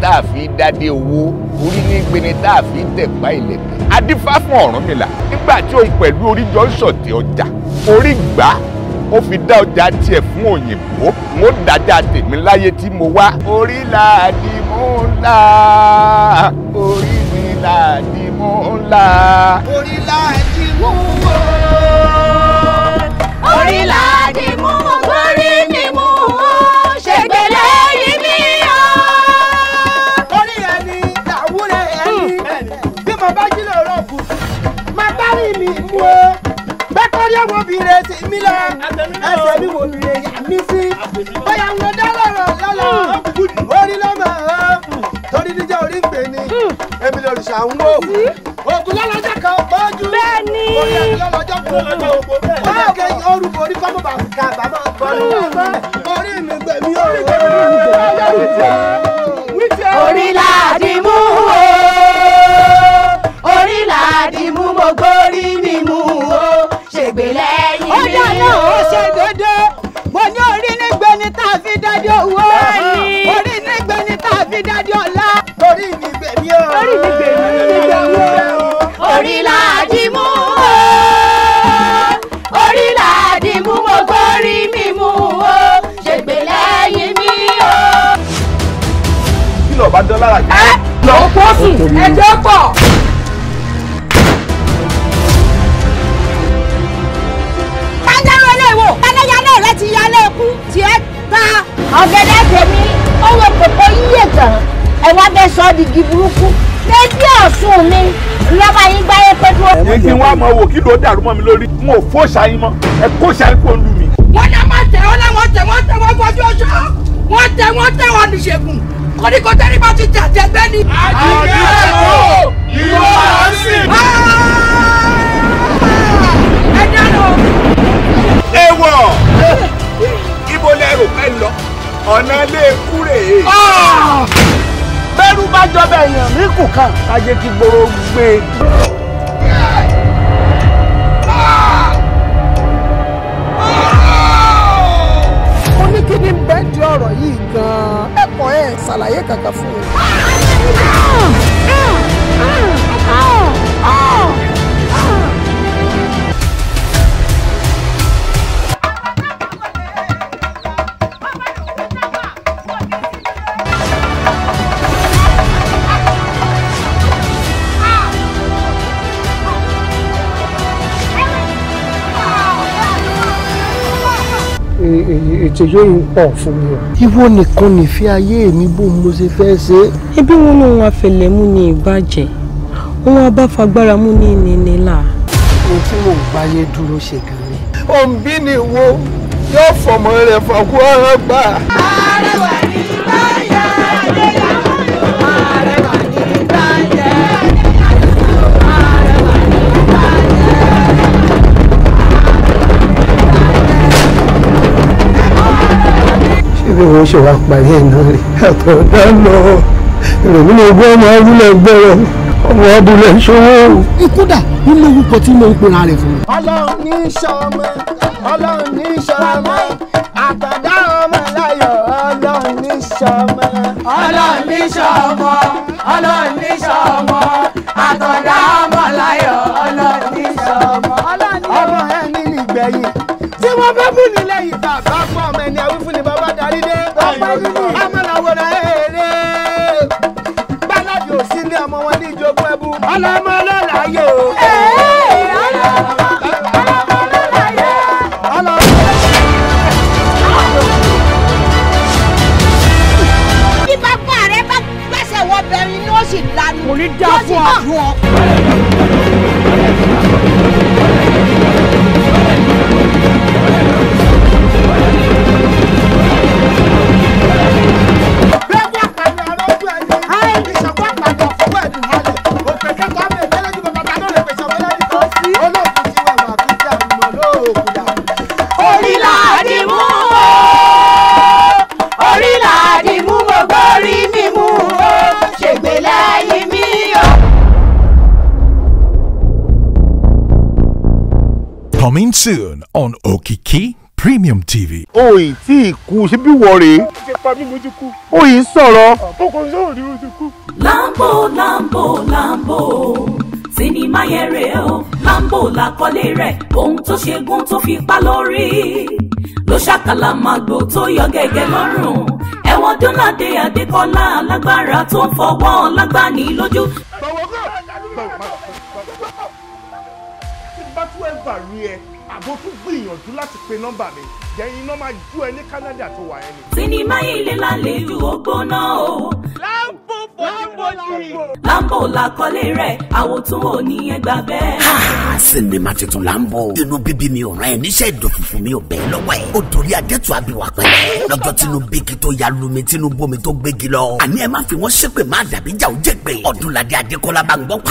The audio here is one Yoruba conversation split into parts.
tá a fi dádé owó orí ní gbéni tá a fi tẹ̀pá ìlẹ̀kẹ̀. adífá fún Ọ̀rúnmìlà nígbà tí òun pẹ̀lú orí jọ ń ṣọ̀tẹ̀ ọjà orí gbà ó fi dá ọjà tiẹ̀ fún òyìnbó mo dájà tèmi láyé tí mo wá. orí làdí mò ń là orí mi làdí mò ń là. orí làdí mò ń wò orí làdí. ọmọdé wo bìrè mi lọ ẹsẹ̀ mi wo bìrè mi sí bóyá ń lọ dálọ́rọ̀ lọ́lọ́ orí lọ́mọ torí níjẹ́ orí ń pè ní èmi lórí ṣàǹwó ògùn lọ́lọ́jọ́ kan bójú bẹ́ẹ̀ni òyìn lọ́lọ́jọ́ kan lọ́jọ́ ògbó báyọ̀ kẹ́yìn orúkọ orí fọ́mọ̀ bàbá bàbá bọ́ọ̀lù bàbá orí mi gbẹ̀mí òòrùn orí làdí mú o orí làdí mo gbórí ṣègbè lẹ́yìn mi. ó dáná ó ṣe dédé mo ní orí nígbẹ́ ni tá a fi dájọ́ owó orí nígbẹ́ ni tá a fi dájọ́ ọlá. orí mi gbèmí o orí mi gbèmí o orí láàdì mú orí láàdì mú mo gbórí mi mú o ṣègbè lẹ́yìn mi o. kí lọ́ọ́ bá dán lára jù. ẹ lọ́ọ́ pọ́sùn ẹjọ́ pọ̀. ọ̀gẹ̀dẹ̀ tèmi ó wọ kòkó yíyẹ tán ẹ̀wọ́n abẹ́ sọ ọ́ di igi burúkú lẹ́bí ọ̀sùn mi lọ́ba yín gbáyé pé dúró. èyí kí n wá mọ wò kí ló dàrú mọ́ mi lórí n ò fó ṣayín mọ́ ẹ kó ṣayín kó ń lù mí. wọ́n ní a máa tẹ̀ ọ́ láwọn tẹ̀ wọ́n tẹ̀ wọ́n fojú ọjọ́ wọ́n tẹ̀ wọ́n tẹ̀ wọ́n níṣègùn kọ́níkọ́ tẹ́lẹ̀ bá ti jà jẹgbẹ́ ni. àdìgbò ìwọ àásìn. ẹ dáná. ewọ ibo lẹ rò pẹ́ lọ ọ̀nà ilé ikú rèé. bẹ́rù bá jọba èèyàn ní kù kájé kí gbòòrò gbé. mo ní kí ni bẹ́ẹ̀ di ọ̀rọ̀ yìí gan-an ẹ̀kọ́ ẹ̀ ṣàlàyé kankan fún mi. ètò yóò yìí pọ̀ fún mi o. ìwọ nìkan nìfẹ́ ayé mi bó mo ṣe fẹ́ ṣe. ẹbí wọn lòun afẹlẹ mú ní ìbàjẹ́ wọn abáfagbára mú ní ìnínílà. ohun tí mò ń gbáyé dúró ṣe gan ni. òǹbí ni wo yóò fọmọ rẹ fọkú gbà. ààrẹ wà ní. bí wọ́n ṣe wá parí ẹ̀ náà rè àtọ̀dá lọ ìròmí ni ẹgbẹ́ ọmọ ọdúnlẹ̀ gbẹ̀rẹ̀ ọmọ ọdúnlẹ̀ ṣòwò. ikú dà ó lórúkọ tí mo ń pera rẹ̀ fún. ọlọ́run ní sọmọ ọlọ́run ní sọmọ àtọ̀dá ọmọ láyọ̀ ọlọ́run ní sọmọ. ọlọ́run ní sọmọ ọlọ́run ní sọmọ. lọ́mọ lọ́láyò. òyìn tí ìkú ṣe bí wọ rèé. ó ti pa mí mo ti kú. sọ̀rọ̀. lambo lambo lambo sinimá yẹn o lambo làkọlé rẹ̀ ohun tó ṣe gún tó fi pa lórí ló ṣàkàlà màgbò tó yọ gẹ́gẹ́ lọ́rùn ẹ̀wọ̀n dúnládé adékọ́lá alágbára tó ń fọwọ́ lágbàní lójú àbò tún gbìyànjú láti pe nọ́mbà mi jẹ́yìn iná máa ju ẹ ní Canada tó wà ẹni. sinimá ilé lálejò ó gbóná o. láǹbò fojúfojú. láǹbò làkọlé rẹ̀ àwòtún ò ní ẹ gbà bẹ́ẹ̀. ha sinimá tuntun láǹbò. inú bíbí mi ò rán ẹ níṣẹ́ ìdòfùfù mi ò bẹ́ẹ̀ lọ́wọ́ ẹ̀. ó torí adẹ́tù àbíwá pẹ̀lẹ́. lọ́jọ́ tinubu kí tó ya lumi tinubu mi tó gbégi lọ. àní ẹ má fi wọ́n ṣépè má dàbí jà ó jẹ́ pé. ọdúnladé adékọ́lá bá ń gbọ́ pa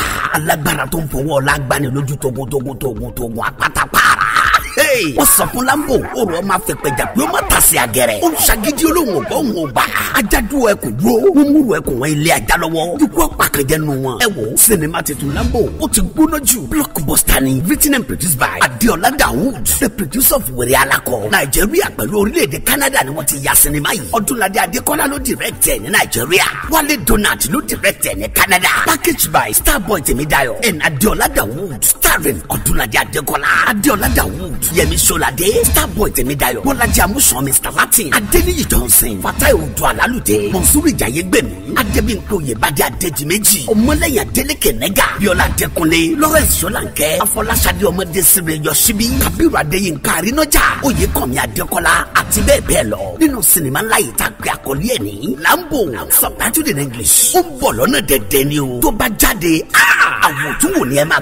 rẹ̀. wọ́n sọ fún lambo òru ọmọ afẹ́pẹ̀jà pé ó má tàsí àgẹ̀rẹ̀. olùṣàgídí olóhùn ọ̀gbọ́ òun ò gbà. ajadu ẹkùn dúró wọ́n múru ẹkùn wọn ilé ajá lọ́wọ́. ikú ọ̀pàkànjẹ́ nu wọn. ẹ wo sinimá titun lambo ó ti gbóná jù. blockbuster ni written and produced by adeola dawood the producer of wèrè alakọ. nàìjíríà pẹ̀lú orílẹ̀-èdè canada ni wọ́n ti ya sinimá yìí. ọdúnladé adékọ́lá ló direct ẹ̀ ní nàìjíríà. wálé donald ló direct ẹ̀ ní canada. package by starboy tèmídayọ̀ and adeola dawood starring ọdúnladé adékọ́lá adeola dawood yẹn fẹ́mi sọ́ládé starboy tẹ̀mídayọ̀ bọ́lájí amúsàn mr latin adéníyì johnson fatai odò alálùdé mọ̀nsúrì jàyégbèmí adébíyànkó yèbádé adéjìméjì ọmọlẹ́yìn adélèké nẹ́gà bíọ́lá adékúnlé lawrence sọ́lànkẹ́ afọlásadé ọmọdé sire yọ̀ṣíbí kabiru adéyínká àrínájà oyèkànmí adékọ́lá àti bẹ́ẹ̀ bẹ́ẹ̀ lọ nínú sinimá ńlá yìí tá a gbé àkọlé ẹ̀ ní lambo subtitled in english ó bọ̀ lọ́nà dẹ̀dẹ̀ ni o tó bá jáde ah! àwọn òtún wò ni ẹ máa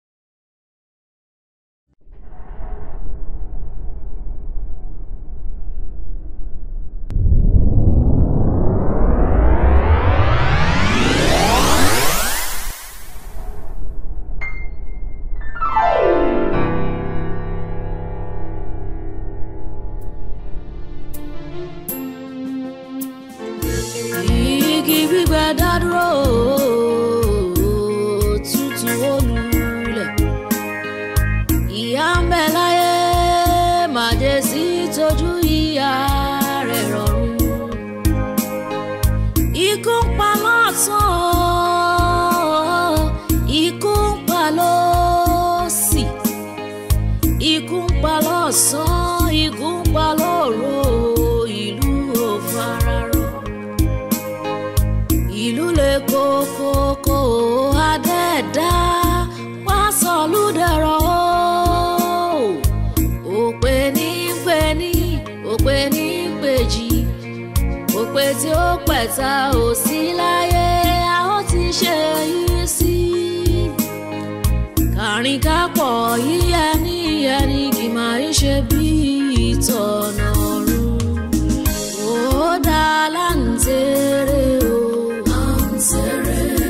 mẹ́tẹ̀ẹ̀ta ò sí láyé a ó ti ṣe yìí sí. kàrin kápọ̀ yíyẹ níyẹ ni kì máa ń ṣe bí ìtọ̀nà ọ̀run. ó dá láǹtẹ̀rẹ̀ o. láǹtẹ̀rẹ̀.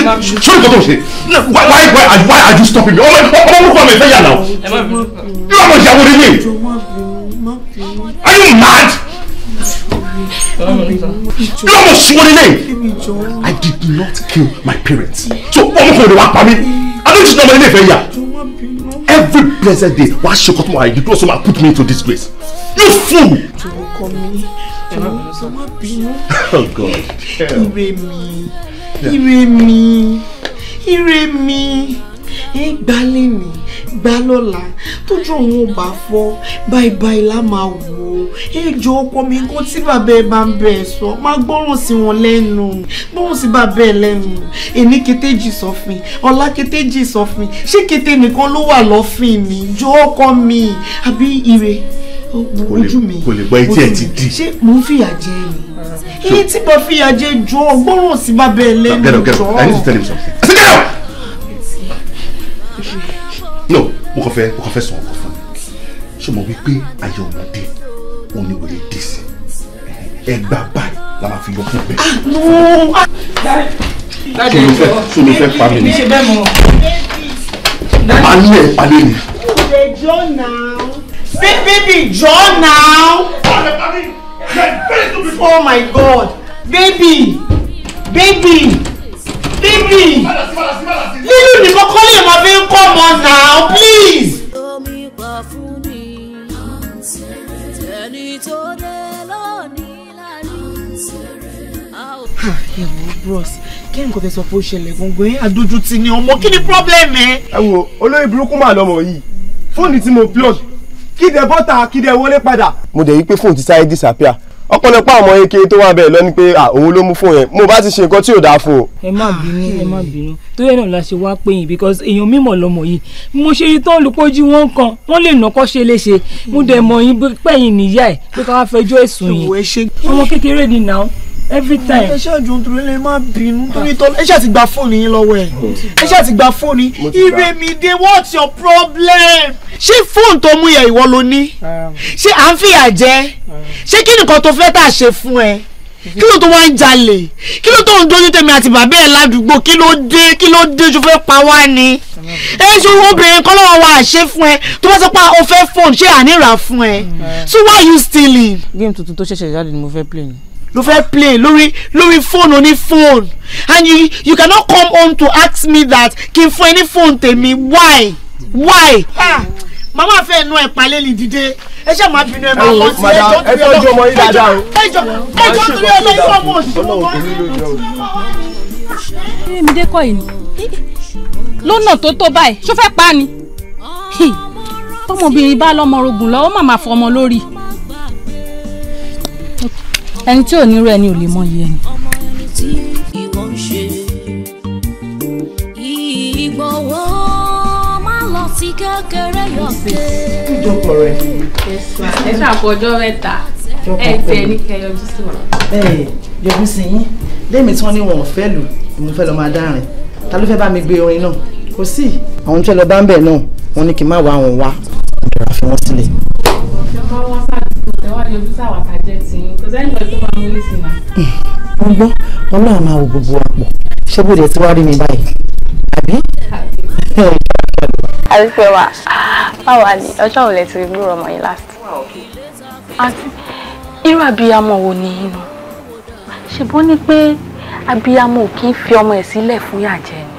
ṣé nǹkan tó ń ṣe why why why are you stopping me ọmọ ọmọ orúkọ mi fẹ́ yà náà yóò mọ ìyàwó rẹ yìí are you mad yóò mọ ìṣòwò rẹ yìí I did not kill my parents so ọmọ kan ò lè wá pa mí adójú náà ọmọ ilé every blessed day why she cut my máa yìí close put me into disgrace you fool. Oh God ire mi ire mi ẹ gbá lẹ́nì gbá lọ́la tójú òun ò bá fọ́ báyìí báyìí la máa wò ó ẹ jọ ọkọ mi nǹkan tí bàbá ẹ bá ń bẹ ẹ sọ máa gbọ́ràn sí wọn lẹ́nu gbọ́ràn sí bàbá ẹ lẹ́nu èmi kẹtẹ́jì sọ́fin ọ̀la kẹtẹ́jì sọ́fin ṣé kẹtẹ́ nìkan ló wà lọ́fìn mi jọ ọkọ mi àbí ire ojú mi kò lè gbọ́ etí ẹ̀ ti di ṣé mò ń fìyà jẹ ẹ̀ ni. Iye tí mo fi àjẹ jọ ọgbọ́ràn sí bá bẹ̀ lẹ́nu Get up, get up. I need to tell him something. I said get up! No, mo kàn fẹ́ mo kàn fẹ́ sọ ọkọ fún mi. Ṣé mo wí pé ayọ̀ ọmọdé òun ni wòlé dì sí? Ẹgbà báyìí la máa fi yọ fún bẹ́ẹ̀. Ah, ṣé mo fẹ́ ṣé mo fẹ́ pa mi ni? Pàlú ẹ̀ pàlú ẹ̀ ni. Bíbí jọ náà. Bíbí jọ náà. Oh my God! Baby! Baby! Baby! Lílù nìkan kọ́ lè máa fi ń kọ́ ọmọ now please! Omi pa fún mi, ẹni tó dé lónìí láàrin. Ẹ̀wọ̀n bros, kí nǹkan fẹ́ sọ pé ó ṣẹlẹ̀ gbọ̀ngbọ̀n yẹn àdójútì ni ọmọ kí ni problem ẹ. Ẹ wo olóyè burúkú màá lọmọ yìí, fóònù tí mo plug kídẹ bọ́tà kídẹ wọlé padà. mo dẹ̀ yí pé fóònù ti sáré disappear ọ̀pọ̀lọpọ̀ àwọn eke tó wà bẹ́ẹ̀ lọ ni pé òun ló mú fóònù yẹn mo bá ti ṣe nǹkan tí ò dáa fún o. ẹ má bínú ẹ má bínú tó yẹ náà la ṣe wá pé yín because èèyàn mímọ̀ lọmọ yìí mo ṣe yìí tó olùkọjú wọn kan wọn lè nàkọ ṣe léṣe mo dẹ̀ mọ̀ yín pẹ̀yìn níyà ẹ pé ká wá fẹjọ́ ẹ̀sùn yìí ọmọ kékeré ni náà every time. ẹ ṣáà jọ nítorí ẹ má bínú torí ah. tọ́lá ẹ ṣáà ti gba fóònù yín lọ́wọ́ ẹ hmm. ẹ ṣáà ti gba fóònù yín Ìrèmídé what's your problem. ṣé fóònù tó mú yẹ ìwọ ló ní ah. ṣé à ń fìyà jẹ ah. ṣé kí nìkan tó fẹ́ tà ṣe fún ẹ kí ló tó wá ń jalè kí ló tó ń dójú tèmi àti bàbá ẹ ládùúgbò kí ló dé kí ló dé ju fẹ́ pa wá ni ẹ ṣe obìnrin kan lọ́wọ́ wa àṣẹ fún ẹ tó bá sọ pé o fẹ́ fóònù ṣé àníra fún ẹ so why you stealing. géèmù tuntun tó ṣẹ̀ṣẹ̀ jáde ni mo fẹ́ play ni ló fẹ́ play Lori. Lori phone oní phone and you you cannot come home to ask me that kí n any ẹ ní phone tèmi why why. Ah màmá fẹ́ nu ẹ̀ palẹ́ ní dìde ẹ ṣe máa bínú ẹ máa kọ́ sí ẹjọ́ tó yẹ lọ ẹjọ́ ẹjọ́ ẹjọ́ tó yẹ lọ ìfọ̀ mọ̀ sí. mímídé kọ́ yìí ni lọ́nà tó tó báyìí ṣó fẹ́ pa ni tọmọbìnrin bá lọ́mọ rogùn lọ́wọ́ màmá fọmọ lórí ẹni tí ò ní rẹ ni ò lè mọ iye ẹni. ìgbọ̀wọ́ máa lọ sí kékeré yọ̀pẹ̀. ìjọpọ̀ rẹ̀. ẹ ṣàpọ̀jọ́ mẹ́ta ẹ tẹ̀ ní kẹyọjú sí wa. ẹ yọjú sí yín lẹ́mìí tí wọ́n ní wọn ò fẹ́ lù mo fẹ́ lọ máa dárin ta ló fẹ́ bá mi gbé orin náà kò sí. àwọn tí wọ́n lọ bá ń bẹ̀ náà wọ́n ní kí n má wá àwọn wá ìrà fi wọ́n sílẹ̀. ìjọba wá sáà Eh, wọ́n gbọ́ ọlọ́run máa wo gbogbo wa pọ̀ ṣé bó de ti rí mi báyìí àbí. àdúpẹ́ wa báwa ni ọjọ́ òun lè ti gbúrò ọmọ yìí last. àti irú abiyamọ wo ni inú ṣe bó pé abiyamọ ò kì í fi ọmọ ẹ̀ sílẹ̀ fún yàjẹ ni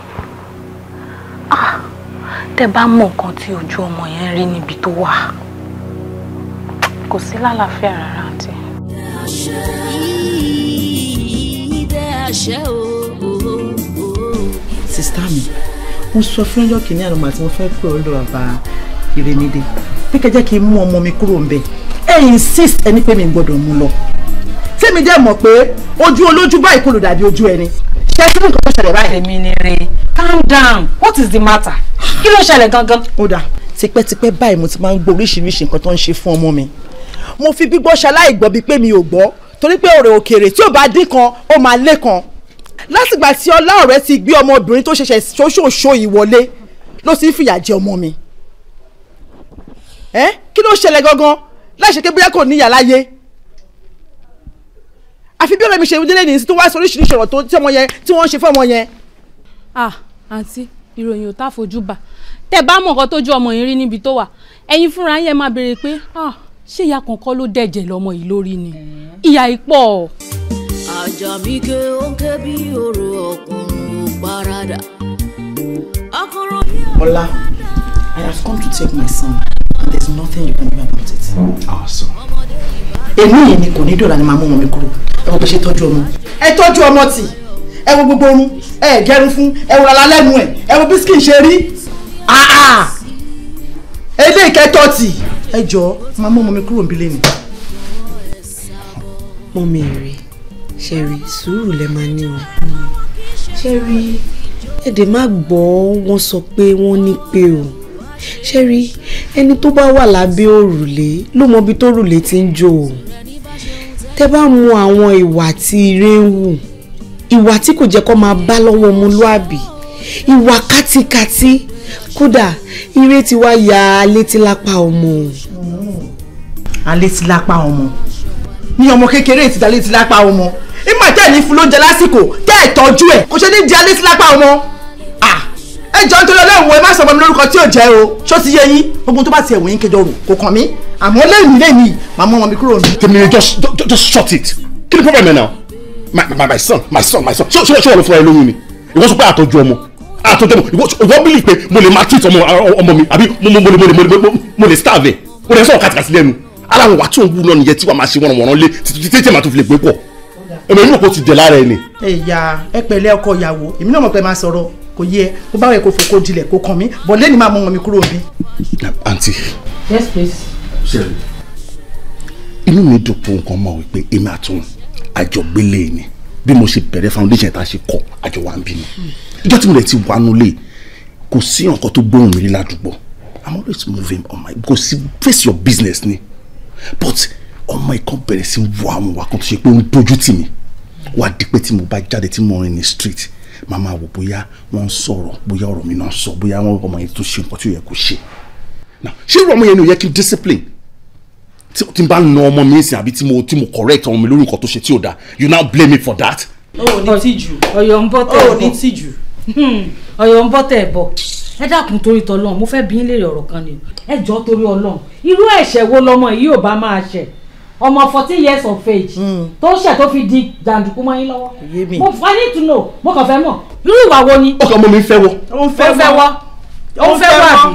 ah, tẹ bá mọ nǹkan tí ojú ọmọ yẹn rí níbi tó wà kò sí lálàáfíà rárá àǹtí. sista mi mo sọ fún ọjọ́ kìíní àná àti mo fẹ́ pè ọ́ lọ́wọ́ bá ìrẹ́nìdè bí kẹjẹ́ kí n mú ọmọ mi kúrò ń ẹ insist ẹni pé mi gbọ́dọ̀ mú lọ tẹ́mi dẹ́ mọ̀ pé ojú olójú báyìí kò lò dàbí ojú ẹni ṣe kí nǹkan tó ṣẹlẹ̀ báyìí. èmi ni re calm down what is the matter kí ló ṣẹlẹ̀ gangan. ó dà tipẹ́tipẹ́ báyìí mo ti máa ń gbọ́ oríṣiríṣi nǹkan tó ń ṣe fún ọmọ mi mo fi gbígbọ́ ṣaláì gbọ́ bíi pé mi ò gbọ́ torí pé ọ̀rẹ́ òkèèrè tí ò bá dín kan ó máa lé kan látìgbà tí ọlá ọ̀rẹ́ ti gbé ọmọbìnrin tó ṣẹ̀ṣẹ̀ ṣoṣooṣo yìí wọlé ló ti ń fìyà jẹ ọmọ mi ẹ kí ló ṣẹlẹ̀ gangan láì ṣe pé bóyá kò níyà láyé àfi bí ọ̀rẹ́ mi ṣe délé nìyí tó wá sọ oríṣiríṣi ọ̀rọ̀ tí ọmọ yẹn tí wọ́n ń ṣe fún ọmọ yẹn. ah àǹtí ìròyìn ò tá fojú bà tẹ bá mọ̀ nǹkan tó ju ọmọ yẹn rí níbi tó wà ẹ̀yin fúnra yẹn máa béèrè pé ah ṣé ìyá kan ló dẹ̀jẹ̀ lọ́mọ yìí lórí ni ìyá yìí pọ̀. àjàmíkẹ́ ó ké bí orò ọkùnrin ò paradà. ọlá I have come to take my son and there is nothing you can do about it. èmi yìí ni kò ní dọ̀là ni màá mú ọmọ mi kúrò ẹ wọ́n bẹ ṣe tọ́jú ọmọ. ẹ tọ́jú ọmọ tì ẹ wo gbogbo orun ẹ gẹrun fún ẹ wo lala lẹ́nu ẹ ẹ wo bísíkì ṣe rí. èdè ìkẹtọ́ tì ẹ jọ̀ọ́ máa mú ọmọ mi kúrò níbí lẹ́nu. mo mèrè ṣẹ̀rí sùúrù lẹ máa ní o ṣẹ̀rí ẹ̀dẹ̀ má gbọ́ wọ́n sọ pé wọ́n ní pé o ṣẹ́rí ẹni tó bá wà lábẹ́ òrùlé ló mọ ibi tó rùlé ti ń jò ó tẹ bá mu àwọn ìwà tí ire ń wù ìwà tí kò jẹ́ kó máa bá lọ́wọ́ ọmọlúàbí ìwà kátikati kódà ire ti wá ya alétílápá ọmọ. alétílápá ọmọ ní ọmọ kékeré ti alétílápá ọmọ ìmọ̀ tẹ́ ní fún lóúnjẹ lásìkò tẹ́ ẹ̀ tọ́jú ẹ̀ kò ṣe ní di alétílápá ọmọ ẹ jọ nítorí ọlọ́run wo ẹ má sọ ọmọ mi lórúkọ tí ò jẹ́ o ṣó ti yé yín gbogbo tó bá ti ẹ̀wọ̀n yín kẹjọ rò kò kàn mí àmọ́ lẹ́yìn lẹ́yìn màá mú ọmọ mi kúrò ní. tèmi just just shut it kí ni problem ẹ náà my my son my son my son ṣé ṣé wọ́n lọ fún ẹ lóyún ni ìwọ sọ pé àtọ́jú ọmọ àtúntẹ̀mọ̀ ìwọ bílì pé mo lè máa treat ọmọ mi àbí mo lè mo lè mo lè mo lè starve ẹ̀ o lè sọ̀rọ̀ kàtìkàtì lẹ́nu aláwọ̀ wà tí òun wú nìyẹn tí wàá máa ṣe wọ́n wọ́n lé títí tètè máa tún fi lè gbé pọ̀ èmi náà kò ti dẹ̀ lára ẹ̀ ni. ẹ̀yà ẹ pẹ̀lẹ́ ọkọ ìyàwó èmi náà mọ̀ pé máa sọ̀rọ̀ kò yẹ kó báwo kò fò kó dilẹ̀ kó kàn mí bọ̀ lẹ́ni máa mú wọn mi kúrò mi. àǹtí. yes please. inú mi dùn pé nǹkan mọ̀ wípé èmi àtún àjọgbélé ni bí mo ṣe bẹ̀rẹ̀ foundation tá a ṣe kọ́ àjọ wa ń bí ni ìjọ tí mo lè ti wà nulẹ̀ kò sí ọ̀kan tó gbóhùn mi rí ládùúgbò i'm always moving on my go see face your business ni but ọmọ ìkan bẹ̀rẹ̀ sí wọ àwọn wà kan tó ṣe pé ó ń bójú tì mí wá di pé tí mo bá jáde tí mo rìn ní street màá máa wò bóyá wọ́n ń sọ̀rọ̀ bóyá ọ̀rọ̀ mi náà sọ bóyá wọ́n ọmọ yẹn tó ṣe nǹkan tí ó yẹ kó ṣe now ṣé irú ọmọ yẹn ni ò yẹ kí n discipline tí n bá na ọmọ mi sìn àbí tí mo tí mo correct ọmọ mi lórí nǹkan tó ṣe tí ò dáa you now blame me for that. o ò ní tìjú ọyọ ń bọ tẹ ò ní tìjú Hmm, ọ̀yọ́ ń bọ́ tẹ̀ bọ̀ ẹ dákun torí tọlọ́run mo fẹ́ bí yín léèrè ọ̀rọ̀ kan ni ẹ jọ̀ọ́ torí ọlọ́run irú ẹ̀ṣẹ̀ wo lọmọ yìí ò bá máa ṣẹ̀ ọmọ fourteen years of age hmm. tó ṣẹ̀ tó fi di jàǹdùkú mọ́ yín lọ́wọ́ mo I need to know mo kàn fẹ́ mọ̀ irú ìwà wo ni. ọkọ mọ mi fẹ́ wọ. ó ń fẹ́ wọ ó ń fẹ́ wọ àbí.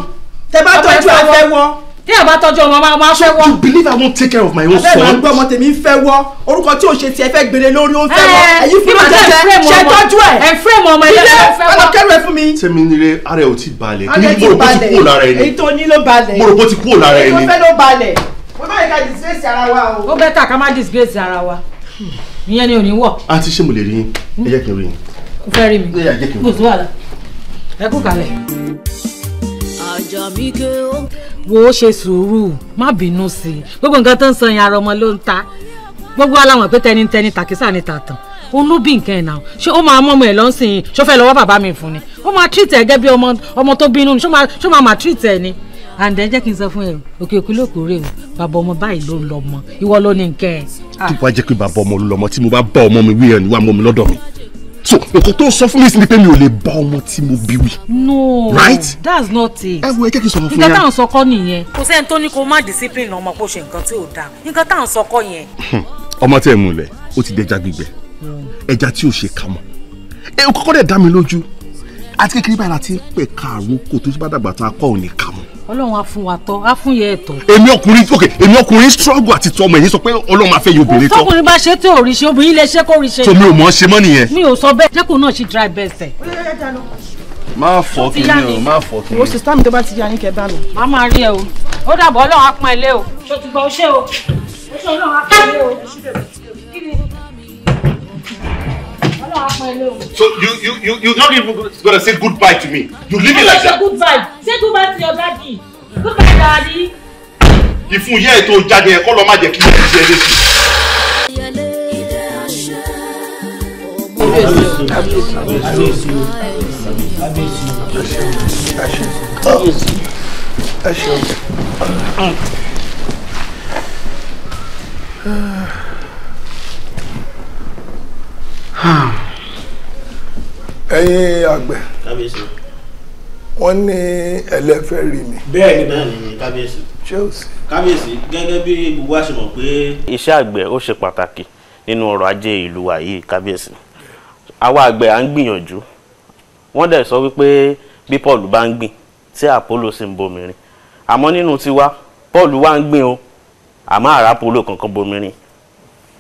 tẹ bá tọ́jú àfẹ́ wọ tí a bá tọ́jú ọmọ máa máa fẹ́ wọ́. you believe I won't take care of my own son. abẹ́rẹ́ àgbọ̀ ọmọ tèmi ń fẹ́ wọ́ orúkọ tí o ṣe tiẹ̀ fẹ́ gbére lórí o ń fẹ́ wọ́ ẹ̀yin eh, fún mi jẹjẹ ṣe tọ́jú ẹ̀. ẹ fẹ́ mọ ọmọ ẹlẹ́fẹ́ fẹ́ wọ́. ilé ọlọkẹ́rù ẹ fún mi. tèmi nire ara ẹ ò ti balẹ̀ mo rò bó ti kúrò lára ẹni. èyí tó ní ló balẹ̀. mo rò ti kúrò lára ẹni. èyí disgrace ara wa o. ó bẹ́tà ká má disgrace ara wa ìyẹn ni ò ní wọ̀. a ti ṣe mo lè rí yín ẹ jẹ́ kí n rí yín. o fẹ́ rí mi kò sí wàhálà ẹ wo ṣe sùúrù má bínú sí i gbogbo nǹkan tó ń sọ yẹn ara ọmọ ló ń ta gbogbo aláwọn pé tẹnitẹni tàkísà ni tàtàn òun ló bí nǹkan ẹ̀ náà ṣé ó máa mọ́mọ́ ẹ̀ lọ́sìn ṣó fẹ́ lọ́wọ́ bàbá mi fún ni ó máa treat ẹ̀ gẹ́gẹ́ bí ọmọ tó bínú ni ṣó máa máa treat ẹ̀ ni àǹdẹ̀ jẹ́ kí n sọ fún ẹ òkè òkú lókòórè o bàbá ọmọ báyìí ló ń lọ ọmọ ìwọ ló ní nǹkan ẹ. tó bá jẹ́ pé bàbá ọmọ ló lọ́mọ tí mo bá bá ọmọ mi wí ẹ̀ níwá mọ́ mi lọ́dọ̀ mi so nǹkan tó ń sọ fún mi sí ni pé mi ò lè bá ọmọ tí mo bí wí. no right that's not it. ẹ wo ẹ jẹ́ kí n sọ̀rọ̀ fún yàrá. nǹkan táwọn sọkọ nìyẹn. kò sẹ́ni tó ní kó má discipline ọmọ kó ṣe nǹkan tí ò dáa nǹkan táwọn sọkọ yẹn. Hmm. ọmọ tẹ ẹ mú lẹ ó ti dẹja gbígbẹ hmm. ẹja tí ò ṣe kà mọ ẹ kọ́kọ́ dẹ̀ dá mi lójú àti kékeré báyìí la ti ń pẹ̀ka àrùn bá dàgbà tá a kọ́ ò ní ọlọ́run á fún wa tọ́ á fún yẹ ẹ̀tọ́. èmi ọkùnrin ok èmi ọkùnrin struggle àti tọmọ ẹ̀yìn sọ pé ọlọ́run máa fẹ́ yọ obìnrin tọ́. tọkùnrin bá ṣe tí ò rí ṣe obìnrin lè ṣe kó rí ṣe. tó mi ò mọ̀ ṣe mọ́ nìyẹn. mi ò sọ bẹ́ẹ̀ jẹ́kù náà ṣe try best ẹ̀. má fọ kìnìún má fọ kìnìún. o sista mi tó bá ti yá ní kẹ bá mi. má máa rí ẹ o ó dàbọ̀ ọlọ́run á pọ́n ẹ o. ṣòtùgbọ̀ ọṣẹ́ o ọṣẹ́ ọlọ́run á pọ́n ẹ o. So you you you you're not even gonna say goodbye to me. You leave I it like that. Goodbye. Say goodbye to your daddy. Goodbye, daddy. If you hear it ẹ̀kọ́ oh, daddy, call jẹ́ kí wọ́n ti ṣe é Ah ẹ̀yin àgbẹ̀ wọ́n ní ẹlẹ́fẹ́ rí mi. bẹ́ẹ̀ ni bẹ́ẹ̀ ni kábíyèsí. chelsea. kábíyèsí gẹ́gẹ́ bí gbogbo wa ṣe mọ̀ pé. iṣẹ́ àgbẹ̀ ó ṣe pàtàkì nínú ọrọ̀ ajé ìlú wa yìí kábíyèsí àwa àgbẹ̀ à ń gbìyànjú wọ́n dẹ̀ sọ wípé bí paul bá ń gbìn tí apollo sì ń bomirin àmọ́ nínú tiwa paul wá ń gbìn o àmọ́ àrà apollo kankan bomirin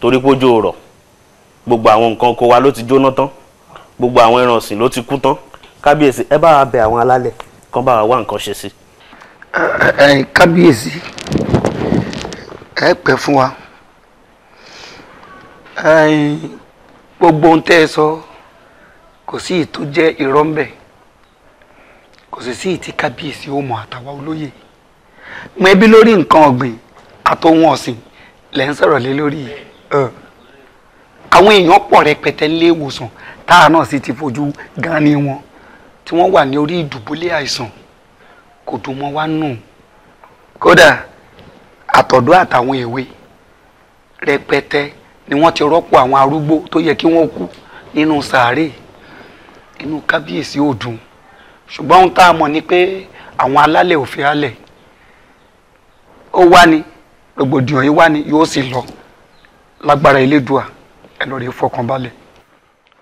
torí pójò rọ̀ gbogbo àwọn nǹkan kó wa ló ti jóná tán gbogbo àwọn ẹran ọ̀sìn ló ti kú tán kábíyèsí ẹ bá wa bẹ àwọn alálẹ̀ kán bá wa wá nǹkan ṣe sí. ẹ̀yin kábíyèsí ẹ pẹ́ fún wa ẹ̀yin gbogbo ohun tẹ́ ẹ sọ kò sí ìtò jẹ́ irọ́ ń bẹ̀ kò sì sí ìtì kábíyèsí ó àtàwọn olóyè mọ ẹbí lórí nǹkan ọ̀gbìn àtòhun ọ̀sìn lẹ́ ń sọ̀rọ̀ lé lórí àwọn èèyàn pọ̀ rẹpẹtẹ nílé ìwòsàn táà náà sì ti fojú gan ni wọn tí wọ́n wà ní orí ìdùbúlẹ̀ àìsàn kò dùn mọ́ wá nù kódà àtọ̀dọ́ àtàwọn èwe rẹpẹtẹ ni wọ́n ti rọ́pò àwọn arúgbó tó yẹ kí wọ́n kú nínú sàárè inú kábíyèsí ò dùn ṣùgbọ́n ohun tá a mọ̀ ni pé àwọn alálẹ̀ òfin alẹ̀ ó wá ní rògbòdìyàn yìí wá ní yóò sì lọ lágbára elédùà ẹ lọ rí fọkànbalẹ̀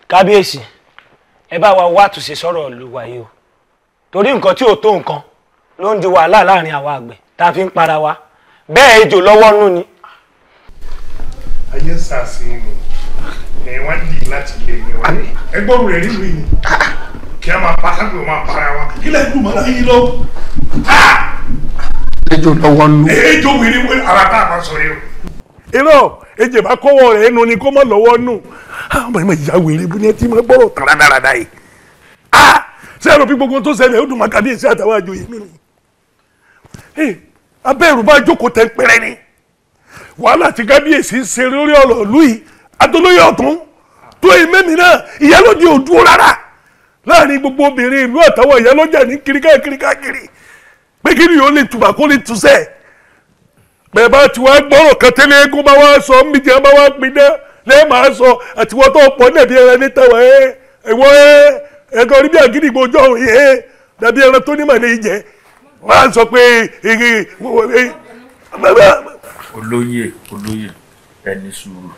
kábíyèsí ẹ bá wa wá àtúnṣe sọ̀rọ̀ ìlú wa yìí o torí nǹkan tí ò tó nǹkan ló ń di wàhálà láàrin àwa àgbẹ̀ tá a fi ń para wa bẹ́ẹ̀ ejò lọ́wọ́ nú ni. ayé sàṣeyìn ni ẹ wá dì láti lè ní wa ẹgbọ́n rẹ̀ rí mi ni kí a máa pàṣẹ pé o máa para wa kí lè dùn mọ́ra lọ. ejò lọ́wọ́ nú. ejò wìrìwìrì ara tá a bá sọ yìí o irọ́ ejè bá kọ́wọ́ rẹ̀ ẹnu ni kó mọ̀ lọ́wọ́ nù ọmọ ah, ìmọ̀ ìyá wèrè bú ni ẹ e ti máa gbọ́rọ̀ tán rádaràdà yìí ṣé ah, ẹ̀rọ bí gbogbo tó ṣẹlẹ̀ ó dùn máa kàbíyèsí àtàwọn àjòyè nínú abẹ́rù bá jókòó tẹ́ ń pẹ́rẹ́ ni wàhálà tí kábíyèsí ń ṣe lórí ọ̀rọ̀ ìlú yìí adolóyè ọ̀tún tó ìmẹ́mi náà ìyálóde ò dúró rárá láàrin gbogbo obìnrin ìlú àtàwọn ìyálójà ní kiri káàkiri káàkiri pé kí ni yóò lè tùbà kó lè tùsẹ̀ bẹ́ẹ̀ bá ti wá gbọ́rọ̀ kan tẹ́lẹ̀ eégún bá wá sọ mídìá bá wá gbiná lẹ́ẹ̀ máa sọ àtiwọ́ tó pọ̀ nẹ̀bí ẹran ní ẹ ẹ ẹ̀gọ́ orí bí àgídìgbò ọjọ́ òun ẹ dàbí ẹran tó ní sọ pé olóyè olóyè ẹni sùúrù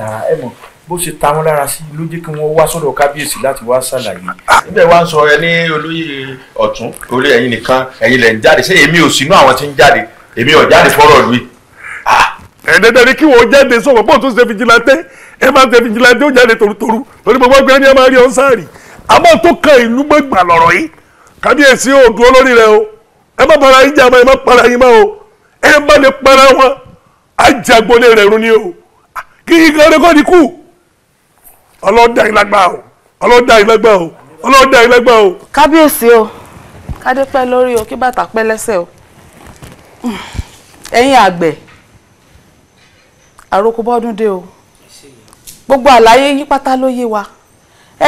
ah, ẹni bó ṣe ta wọn lára sí ló jẹ́ kí wọ́n wá sọ́dọ̀ kábíyèsí láti wá ṣàlàyé. níbẹ̀ wá ń sọ ẹ ní olóyè ọ̀tún orí ẹ̀yin nìkan ẹ̀yin lẹ̀ ń jáde ṣé èmi ò sínú àwọn tí ń jáde èmi ò jáde fọ́rọ̀ lu ah! ẹ̀ẹ́dẹ́gbẹ́ ni kí wọ́n jáde sọ̀rọ̀ bóun tó ṣe fìjìláńtẹ́ ẹ máa ṣe fìjìláńtẹ́ ó jáde torutoru torí gbogbo ẹgbẹ́ ni ẹ máa rí ọ sáàrì àmọ́ tó kan ìlú gbẹ̀gbà lọ̀rọ̀ yìí kábíyèsí ò dúró lórí ọlọ́dà yín lágbára o ọlọ́dà yín lágbára o ọlọ́dà yín lágbára o. kábíyèsí o kádé lórí o kí bàtà pẹ́ lẹ́sẹ̀ o ẹ̀yin àgbẹ̀ àròkọ bọ́dún dé o gbogbo àlàyé yín pátá ló yé wa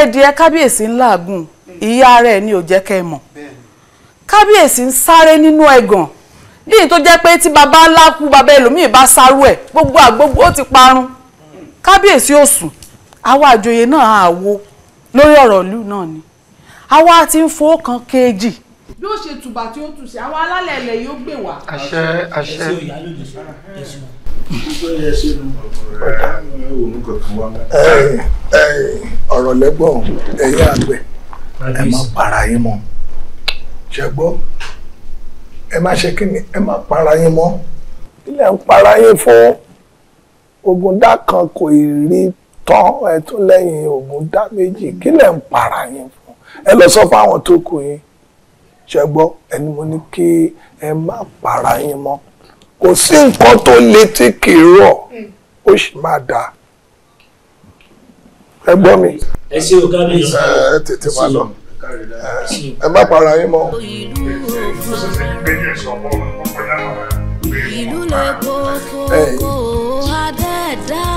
ẹ̀dìẹ kábíyèsí ń làágùn ìyá ara ni ò jẹ́ kẹ́ ẹ mọ̀ kábíyèsí ń sáré nínú ẹ̀gàn bíi tó jẹ́ pé tí baba ńlá kú baba ẹlòmíì bá sárú ẹ̀ gbogbo àgbogbo ó ti parun kábíyèsí ò sùn àwa àjòyè náà àwo lórí ọ̀rọ̀ ìlú náà ni àwa ti ń fowó kan kejì bí ó ṣe tùbà tí ó tù sí àwọn alálẹ̀ ilẹ̀ yóò gbè wá. àṣẹ àṣẹ. ọ̀rọ̀ lẹ́gbọ̀n ẹ̀yà àgbẹ̀ ẹ má para yín mọ́ ṣẹ́gbọ́ ẹ má ṣe kíni ẹ má para yín mọ́ ilẹ̀ ń para yín fún ogun dá kan kò rí tán ẹ tún lẹ́yìn oògùn dá méjì kí lẹ̀ ń para yín fún ẹ lọ sọ fáwọn tó kù yín ṣe gbọ́ ẹni mo ní kí ẹ má para yín mọ́ kò sí nǹkan tó le tí kì í rọ̀ ó sì máa dà ẹ gbọ́ mi. ẹ ṣe ọ̀gá mi. ẹ tètè máa lọ ẹ má para yín mọ́. ìlú lè kókó kó.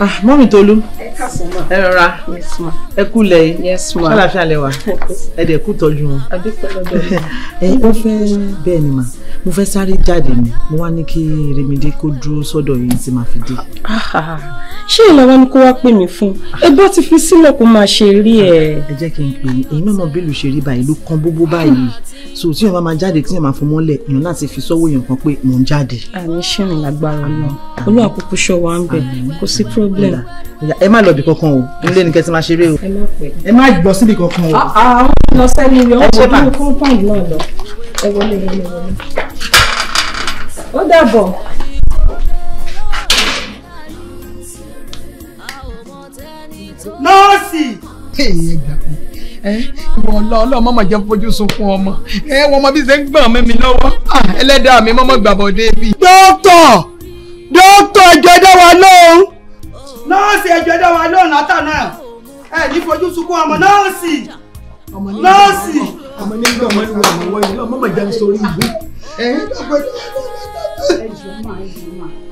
ah mọ́mí Tolú ẹ rọra ẹ kú lẹ̀ ṣàlàfíà lẹ́wà ẹ dẹ̀ kú tọ́jú wọn. ẹ ó fẹ́ bẹ́ẹ̀ ni mà mo fẹ́ sáré jáde ni mo wá ní kí Rèmídé kó dúró sọ́dọ̀ yìí tí màá fi dé. Ah, ah, ah. ṣé ìlànà ni kó wá pè mí fún ẹ bá ti fi sílẹ̀ kó máa ṣe rí ẹ. ẹ jẹ́ kí n pè é èyí náà mọ bí ìlú ṣe rí báyìí kan bóbó báyìí so tí èèyàn bá máa jáde tí èèyàn máa fún mọ́lẹ̀ èèyàn láti fi sọ́wọ́ èèyàn kan pé mò ń jáde. àmì ṣìrìn lágbára náà olú àkókò ṣọ wa ń bẹ kò pro problem. ẹ má lọ bí kankan o nílé ni kẹsì máa ṣeré o ẹ má gbọ́ síbi kankan o. àwọn lọ sẹ́ni yọ ọ́ wọ́n compound náà lọ ẹ wọlé wọlé wọlé. ó dàbọ̀. nọ́ọ̀sì. èèyàn gbà pé ìwọ ọlọ fojú sunkún ọmọ ẹ wọn mọ bí ṣe ń gbọn mẹmí lọ́wọ́ ah, ẹlẹ́dàá mi mọmọ gbàbọdé bíi. dókítà dókítà ẹjọ dá wa nọ́ọ̀sì ẹjọ́ dá wa lóhùn látàná ẹ ní fojú sunkún ọmọ nọ́ọ̀sì nọ́ọ̀sì. ọmọ ní ìlú ọmọ ìlú ọmọ wọlé ọmọ mọ̀já ń sọrí ìlú. ẹ jọ máa ń jọ máa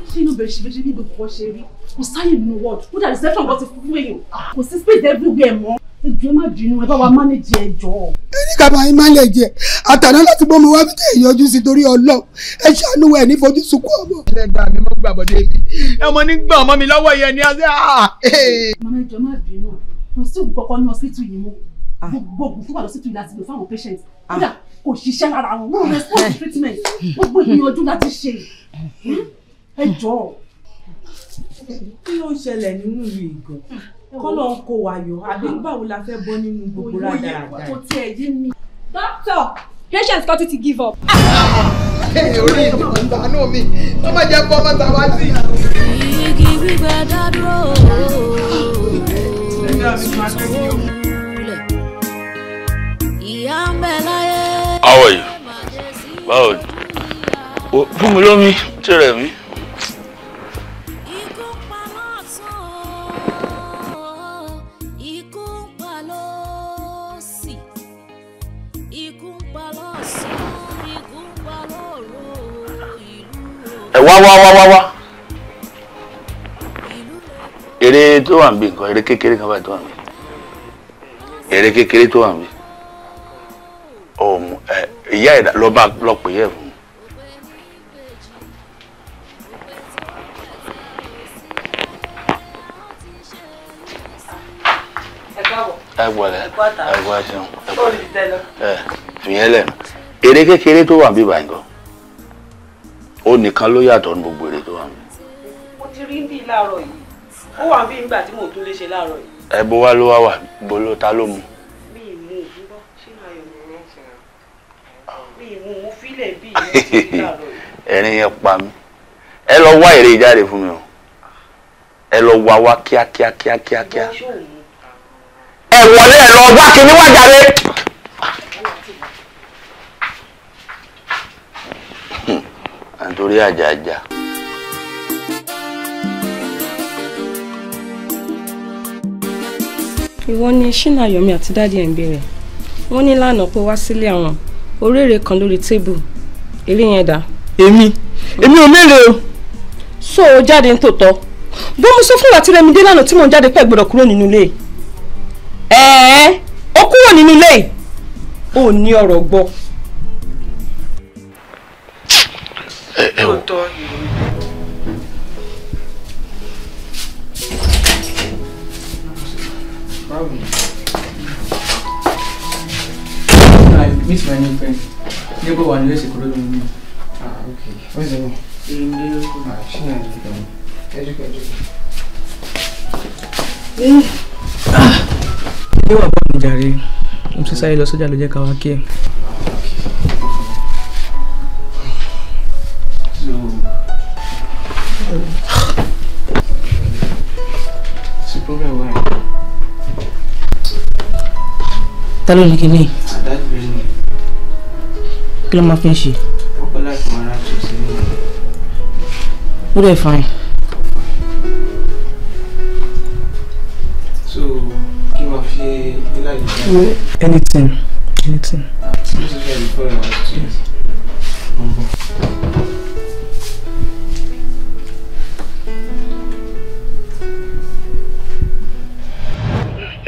ṣé inú bẹ̀rẹ̀ ṣèbéṣe níbi kò ṣe rí kò sáyè nínú wọ́ọ̀dù kódà reception bọ́ ti fún èèyàn kò sí space everywhere mọ́ ẹjọ má bínú ẹ bá wa mánéjì ẹjọ. ẹni kàbá yín má lè jẹ àtàná láti gbọ́ mi wá bí tẹ̀ yọjú sí torí ọlọ́ ẹ ṣàánú ẹ ní fojú sunkún ọmọ. ẹ gbà mí mo gbà bọ́ débi ẹ mo ní gbà ọmọ mi lọ́wọ́ yẹn ni a ṣe ah, eh. mama ẹjọ má bínú kò sí òkùnkọ̀kọ́ ní ọsítù yìí mú ah. gbogbo ògùn fún wa lọ́sítù yìí láti lò fáwọn patient ah. kódà kò ṣiṣẹ́ lára wọn wọn response treatment gbogbo ìyànjú láti ṣe ẹjọ. kí ló ń kọ́lọ̀ ń kó wa yọ àbí báwo la fẹ́ bọ́ nínú gbogbo rádaràdà. kò tiẹ̀ yé mi. dókítà patients kan tún ti give up. orí ìtànú mi tó má jẹ́ kó mọ́ta wá sí. igi gbígbẹ dádúró. ìyá ń bẹ láyé. How are you? báwo ni fún mi lómi tí rẹ̀ mí. wá wá wá wá wá èrè tó wà ń bí nǹkan èrè kékeré kan báyìí tó wà ń bí èrè kékeré tó wà ń bí ọmọ ẹ ìyá ẹ̀dá lọ bá lọ pè yẹ fún un. ẹ gbọ́dọ̀ ẹ gbọ́dọ̀ ẹ ṣeun ẹ fìyẹn lẹ́nu èrè kékeré tó wà ń bí báyìí gan. ó nìkan ló yàtọ̀ ní gbogbo èrè tó wà mo ti rí bí láàárọ̀ yìí ó wà bí tí tún lè ṣe láàárọ̀ yìí. ẹ bó wá ló wá wà ta ló mi ì sínú ayọ̀ mi rẹ̀ mi ì wá èrè ìjáde fún mi o ẹ lọ wá wá kíákíákíákíá ẹ wọlé ẹ lọ àtòrí àjàjà. ìwọ ni ṣínà yomi àti dáàdi ẹ̀ ń bèrè wọ́n ní lánàá pé wá sílé àwọn oríire kan lórí tébù eré yẹn dà. èmi èmi ò mélòó o. so o jáde ń tòótọ́ bó mo sọ fún wa tí rẹmi dé lánàá tí mò ń jáde pẹ́ gbọ́dọ̀ kúrò nínú ilé ẹ̀ẹ́ ó kúrò nínú ilé ò ní ọ̀rọ̀ gbọ́. ẹ ẹ I miss my new friend. Neighbor one less economy me. Ah, okay. Where's the name? In the local. Ah, she not in the local. Educate, educate. Eh. Ah. Neighbor, I'm sorry. I'm so sorry. Lost your luggage. Okay. ta ló ní kíní. àdágbére ni. kí ló máa fi ń ṣe. ó dẹ̀ fine. so kí máa fi anything anything. Ah,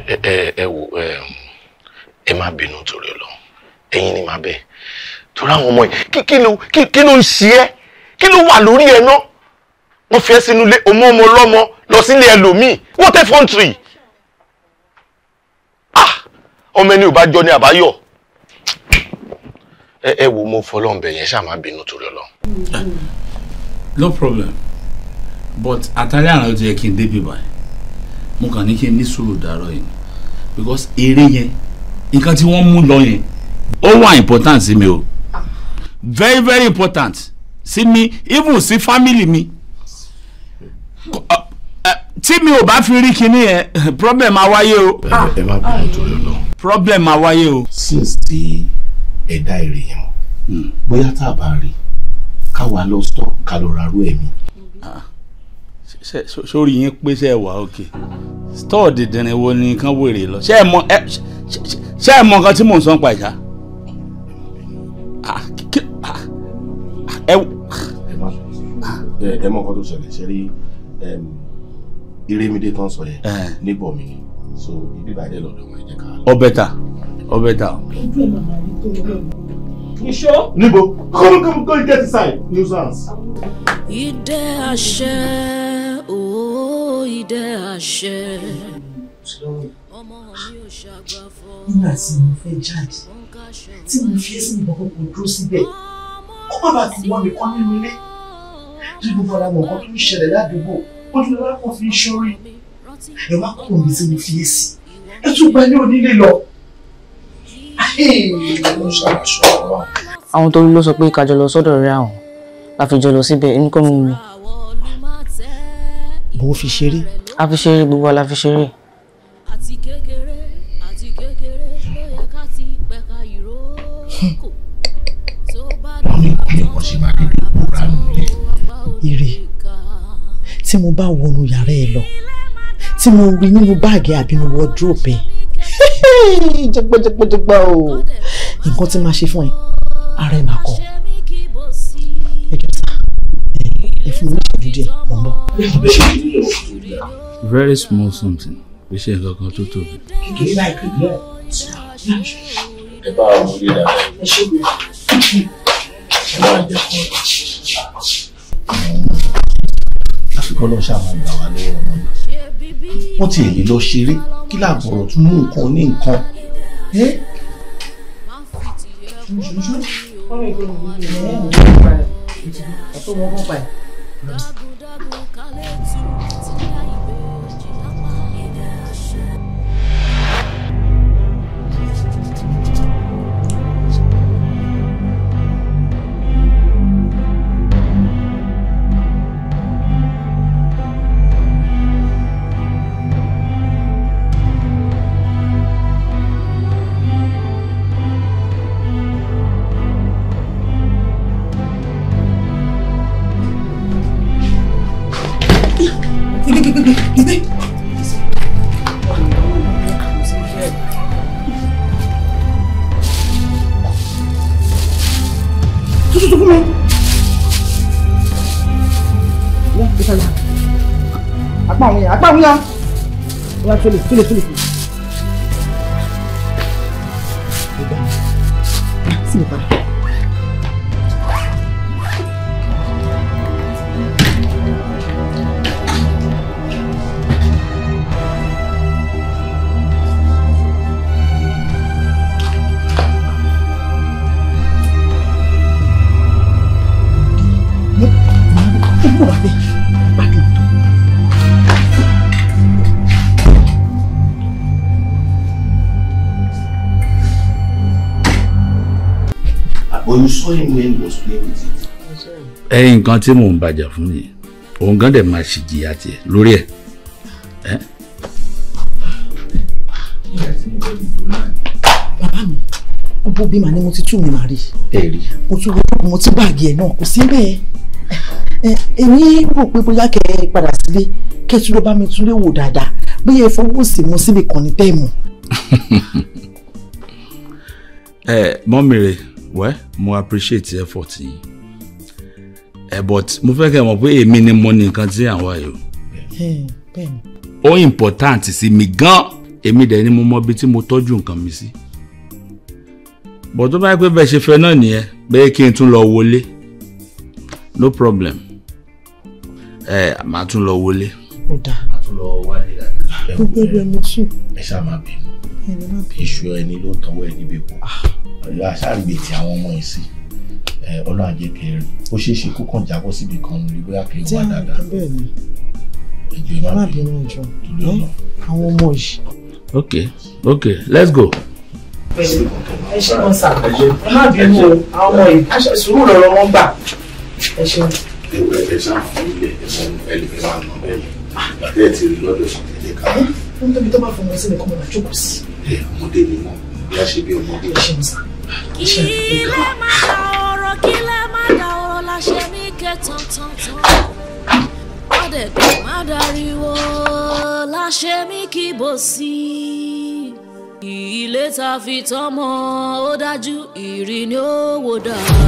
ẹ ẹ ẹ wò ẹ. Um, má bínú torí Ọlọ́run ẹ̀yin ni màá bẹ̀ torí àwọn ọmọ yìí kí ló ń ṣe ẹ́ kí ló wà lórí ẹ̀ náà wọ́n fi ẹ́ sínú ilé ọmọ ọmọ ọlọ́mọ lọ sílé ẹlòmíì what country ah ọmọ ẹni ò bá jọ ní àbáyọ ẹ ẹ wo mo fọlọ́n bẹ̀ ṣáà má bínú torí Ọlọ́run. Eh, no problem but àtàrí àrùn ọjọ́ yẹ kí n débi báyìí mo kàn ní kí n ní sùúrù dàrọ yìí because eré yẹn nǹkan tí wọ́n mú lọ yẹn ó wà important sí mi o very very important sí mi even sí family mi tí mi ò bá fi rí kinní yẹn problem máa wáyé o. Ah. problem máa wáyé o. since ti ẹ̀dá èrè yẹn bóyá tá a bá rí káwa lọ stop ká lọ ẹ̀mí sórí yín pé ṣe wà òkè stọọ dìndìnrín wo ni nǹkan wèrè lọ ṣe ẹ mọ ẹ ṣe ẹ mọ nǹkan tí mò ń sọ pa ìjà ah, ah, ẹ. ẹ mọ nǹkan tó ṣẹlẹ̀ ṣe rí irémidé tán sọ yẹn eh. níbọ̀ mi so ibi ìbàdàn lọ́dọ̀ wọn ẹ jẹ́ ká. ọbẹ̀ ta ọbẹ̀ ta. You sure? Níbo. Come, come, go get inside. Nuisance. Idẹ àṣẹ, oh, idẹ àṣẹ. Nígbà tí mo fẹ́ jáde, tí mo fi sí ìbọn kò dúró síbẹ̀, kó má bàa ti wọ́n mi kọ́ nínú ilé. Tí gbogbo ara mọ̀ nǹkan tó ń ṣẹlẹ̀ ládùúgbò, ó ní ọlọ́pàá fi ń ṣorí. Ẹ wá kúrò níbi tí mo fi sí. Ẹ tún gba ilé onílé lọ àwọn tó ló sọ pé kájọ lọ sọ́dọ̀ rẹ̀ àwọn láfijọ lọ síbẹ̀ ẹni kọ́ mú mi. bó fi ṣeré. a fi ṣeré gbogbo la fi ṣeré. ire tí mo bá wọnú yàrá ẹ lọ tí mo rí nínú báàgì àbínú wọdúrópù jẹgbẹjẹgbẹjẹgbẹ o nǹkan tí máa ṣe fún ẹ ara ẹ máa kọ ẹ sá ẹ fún mi ní ìṣẹ́jú díẹ̀ mò ń very small something kì í ṣe nǹkan kan tó tóbi. àfikún lọ ṣàwọn ìgbà wa lọ́wọ́ ọmọ náà wọ́n ti èlé lọ ṣeré kí làbọ̀rọ̀ tún mú nǹkan ní nǹkan. ọmọ ìgbọ́n mi ò ní ìlú ọ̀hún àtọ́wọ́n kan pa ẹ̀. 这里，这里，这里。ẹyin nǹkan tí mò ń bàjà fún yìí òun gan dẹ̀ máa ṣì jìyà tiẹ̀ lórí ẹ̀. bàbá mi gbogbo bímọ ni mo ti tún mi màá rí mo tún wọ́n mo ti báàgì ẹ̀ náà kò sí bẹ́ẹ̀ èmi rò pé bóyá kẹ ẹ padà sílé kẹ tún ló bá mi tún lè wò dáadáa bóyá ẹ fọwọ́ sí mu síbi kan ní tẹ́ẹ̀mù. ẹ mọ́mìrè wẹ́ mo appreciate effort yìí ẹ eh, but mo fẹ́ kẹ́ mọ̀ pé èmi ni mo ní nǹkan tí à ń wá yìí o eh, ó important sí mi gan èmi dẹ̀ ni mo mọ ibi tí mo tọ́jú nǹkan mi sí but tó bá yẹ pé bẹ́ẹ̀ ṣe fẹ́ náà nìyẹn bẹ́ẹ̀ kí n tún lọ wọlé no problem ẹ eh, màá tún lọ wọlé. ó dáa màá tún lọ wálé dáadáa. gbogbo ẹgbẹ́ mi tù. ẹ ṣáà máa bínú iṣu ẹni ló ń tọwọ́ ẹni bẹ́ẹ̀ kú. Ah. ọ̀la ṣáà ń gbètì àwọn ọmọ yìí sí ọlọ́run àjẹ́ kẹrin ó ṣeé ṣe kó jábọ́ síbi kan lórí bóyá kẹ́ wá dáadáa ìjọ ẹ má bínú ìjọ àwọn ọmọ yìí. ok ok let's go. ẹ ṣe wọn sà ẹ má bínú o àwọn ọmọ yìí aṣọ sùúrù lọ́rọ̀ wọn gbà ẹ ṣe. ẹ ṣe àǹfààní ilé ẹ̀sán ẹlẹ́gbẹ̀ẹ́ máa ń nà bẹ́ẹ̀ ni gbàdé ẹ̀ ti rí lọ́dọ̀ sọ tẹ̀lé ká. wọ́n tóbi tó bá fọmọ sí mi kọ́ mọ́ náà jókòó sí. ẹ ọmọdé ni wọn bí a ṣe bí ọmọdé. ẹ ṣe wọn sà ẹ ṣe àǹfààní ọ̀rọ̀ kí lẹ má da ọ̀rọ̀ la ṣe mí kẹ́ tantantan. ọ̀dẹ̀ kò má dariwo la ṣe mí kí bò sí. ilé ta fi tọ́mọ ó dájú ìrì ni ó wò dànù.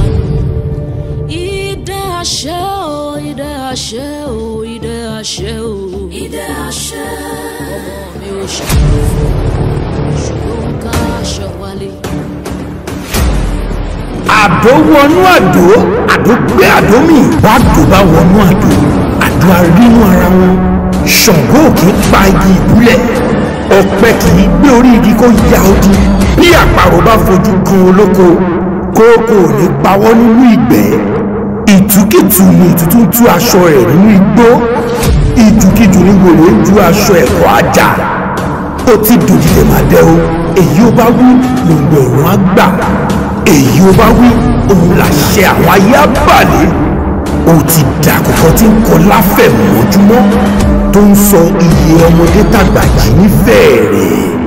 Idẹ àṣẹ o, idẹ àṣẹ o, idẹ àṣẹ o. Idẹ àṣẹ. Ọmọ mi ò ṣàkóso, ṣùgbọ́n ká aṣọ wálé àdó wọnú àdó àdó gbé àdó mì wá àdó bá wọnú àdó àdó arínú ara wọn ṣàngó kì í pa igi ìbúlẹ̀ ọ̀pẹ kì í gbé orí igi kó ya odi bí àparò bá fojú kan olóko kókó ò ní pawọ́ nínú ìgbẹ́ ìtúkìtù ni ìtútù ń tú aṣọ rẹ̀ nínú igbó ìtúkìtù ni wòlé ń tú aṣọ ẹ̀kọ́ ajá ó ti dòdìdè màdẹ́ o èyí ó bá wú lòǹgbò ìrún á gbà èyí ó bá wí òun làṣẹ àwọn ayé àbàlẹ́ ó ti dàkùkọ tí ń kọ láfẹ̀mọ́júmọ́ tó ń sọ iye ọmọdé tàgbà jí nífẹ̀ẹ́ rẹ̀.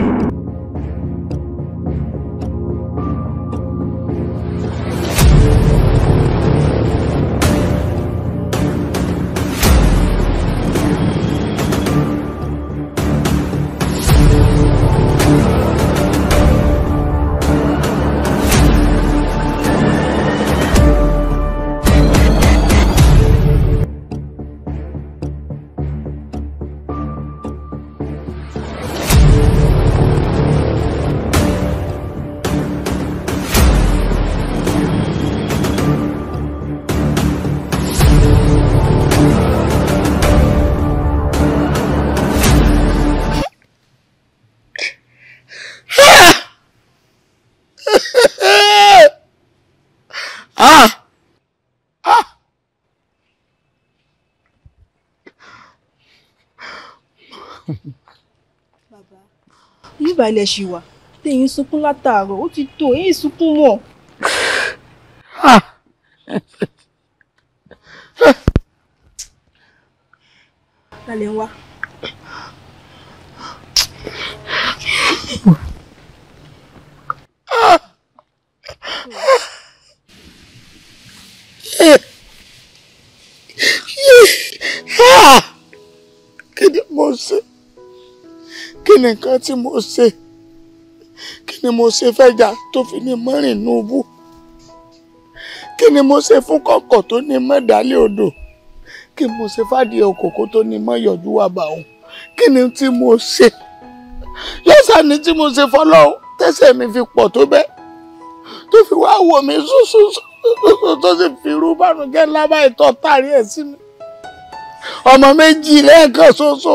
bíbá ilẹ̀ ṣì wà tẹ̀yìn sunkún látàárọ̀ ó ti tó èyí sunkún mọ́. Kalẹ̀ ń wá. Ah! Ah! Kí ni mo ṣe? kí ni nǹkan tí mo ṣe kí ni mo ṣe fẹ́jà tó fi ní mọ́rin nùbù kí ni mo ṣe fún kọ̀kọ̀ tó ní mọ́dálé odò kí ni mo ṣe fádìí òkòkò tó ní mọ́yọ̀jú wà bá òun kí ni tí mo ṣe lọ́sà ni tí mo ṣe fọlọ́hún tẹ́sẹ̀ mi fi pọ̀ tó bẹ́ẹ̀ tó fi wá wò mí ṣùṣùṣù tó sì fi irú bànújẹ́ ńlá báyìí tọ́ tàrí ẹ̀ sí mi ọmọ méjì lẹ́ẹ̀kan ṣoṣo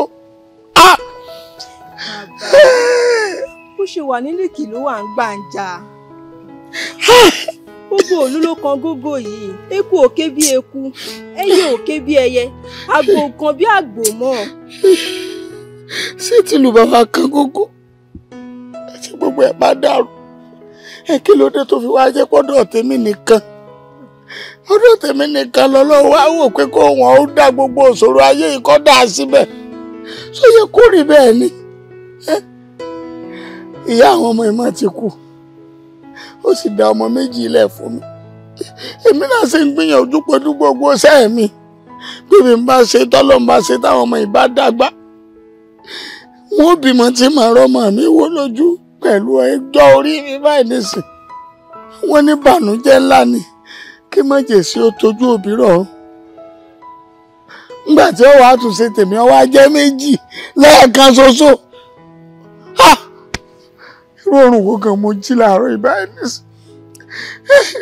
bó ṣe wà nílìkì ló wà ń gbàǹjà gbogbo òlú ló kan gógó yìí eku òkè bí eku ẹyẹ òkè bí ẹyẹ àgbò kan bí àgbò mọ. ṣé tìlú bàbá kan gógó àti gbogbo ẹ̀ bá dàrú ẹ kí ló dé tó fi wá jẹ́ pọ́dọ̀ tèmi nìkan ọdún tèmi nìkan lọ́lọ́wọ́ á wò pé kó wọn ó dá gbogbo òṣòro ayé yìí kọ́ dà síbẹ̀ ṣó yẹ kó rí bẹ́ẹ̀ ni ìyá àwọn ọmọ ìmọ̀ ti kú ó sì dá ọmọ méjì ilẹ̀ fún mi èmi náà sì ń gbìyànjú pẹ̀lú gbogbo sẹ́ẹ̀ mi bí mi bá ṣe tọ́lọ́mù bá ṣe táwọn ọmọ ìbá dàgbà wọn bímọ tí màá rọmọ mi wó lójú pẹ̀lú ẹjọ́ orí mi báyìí nísìn wọn ní bànújẹ́ ńlá ni kí má jèsì ó tójú òbí rọ̀ ọ́ nígbà tí ó wàá tún ṣe tèmi ó wá méjì lẹ́ẹ̀kan ṣoṣo irú oorun wo gan mo jí láàárọ̀ ìbá ẹ nísì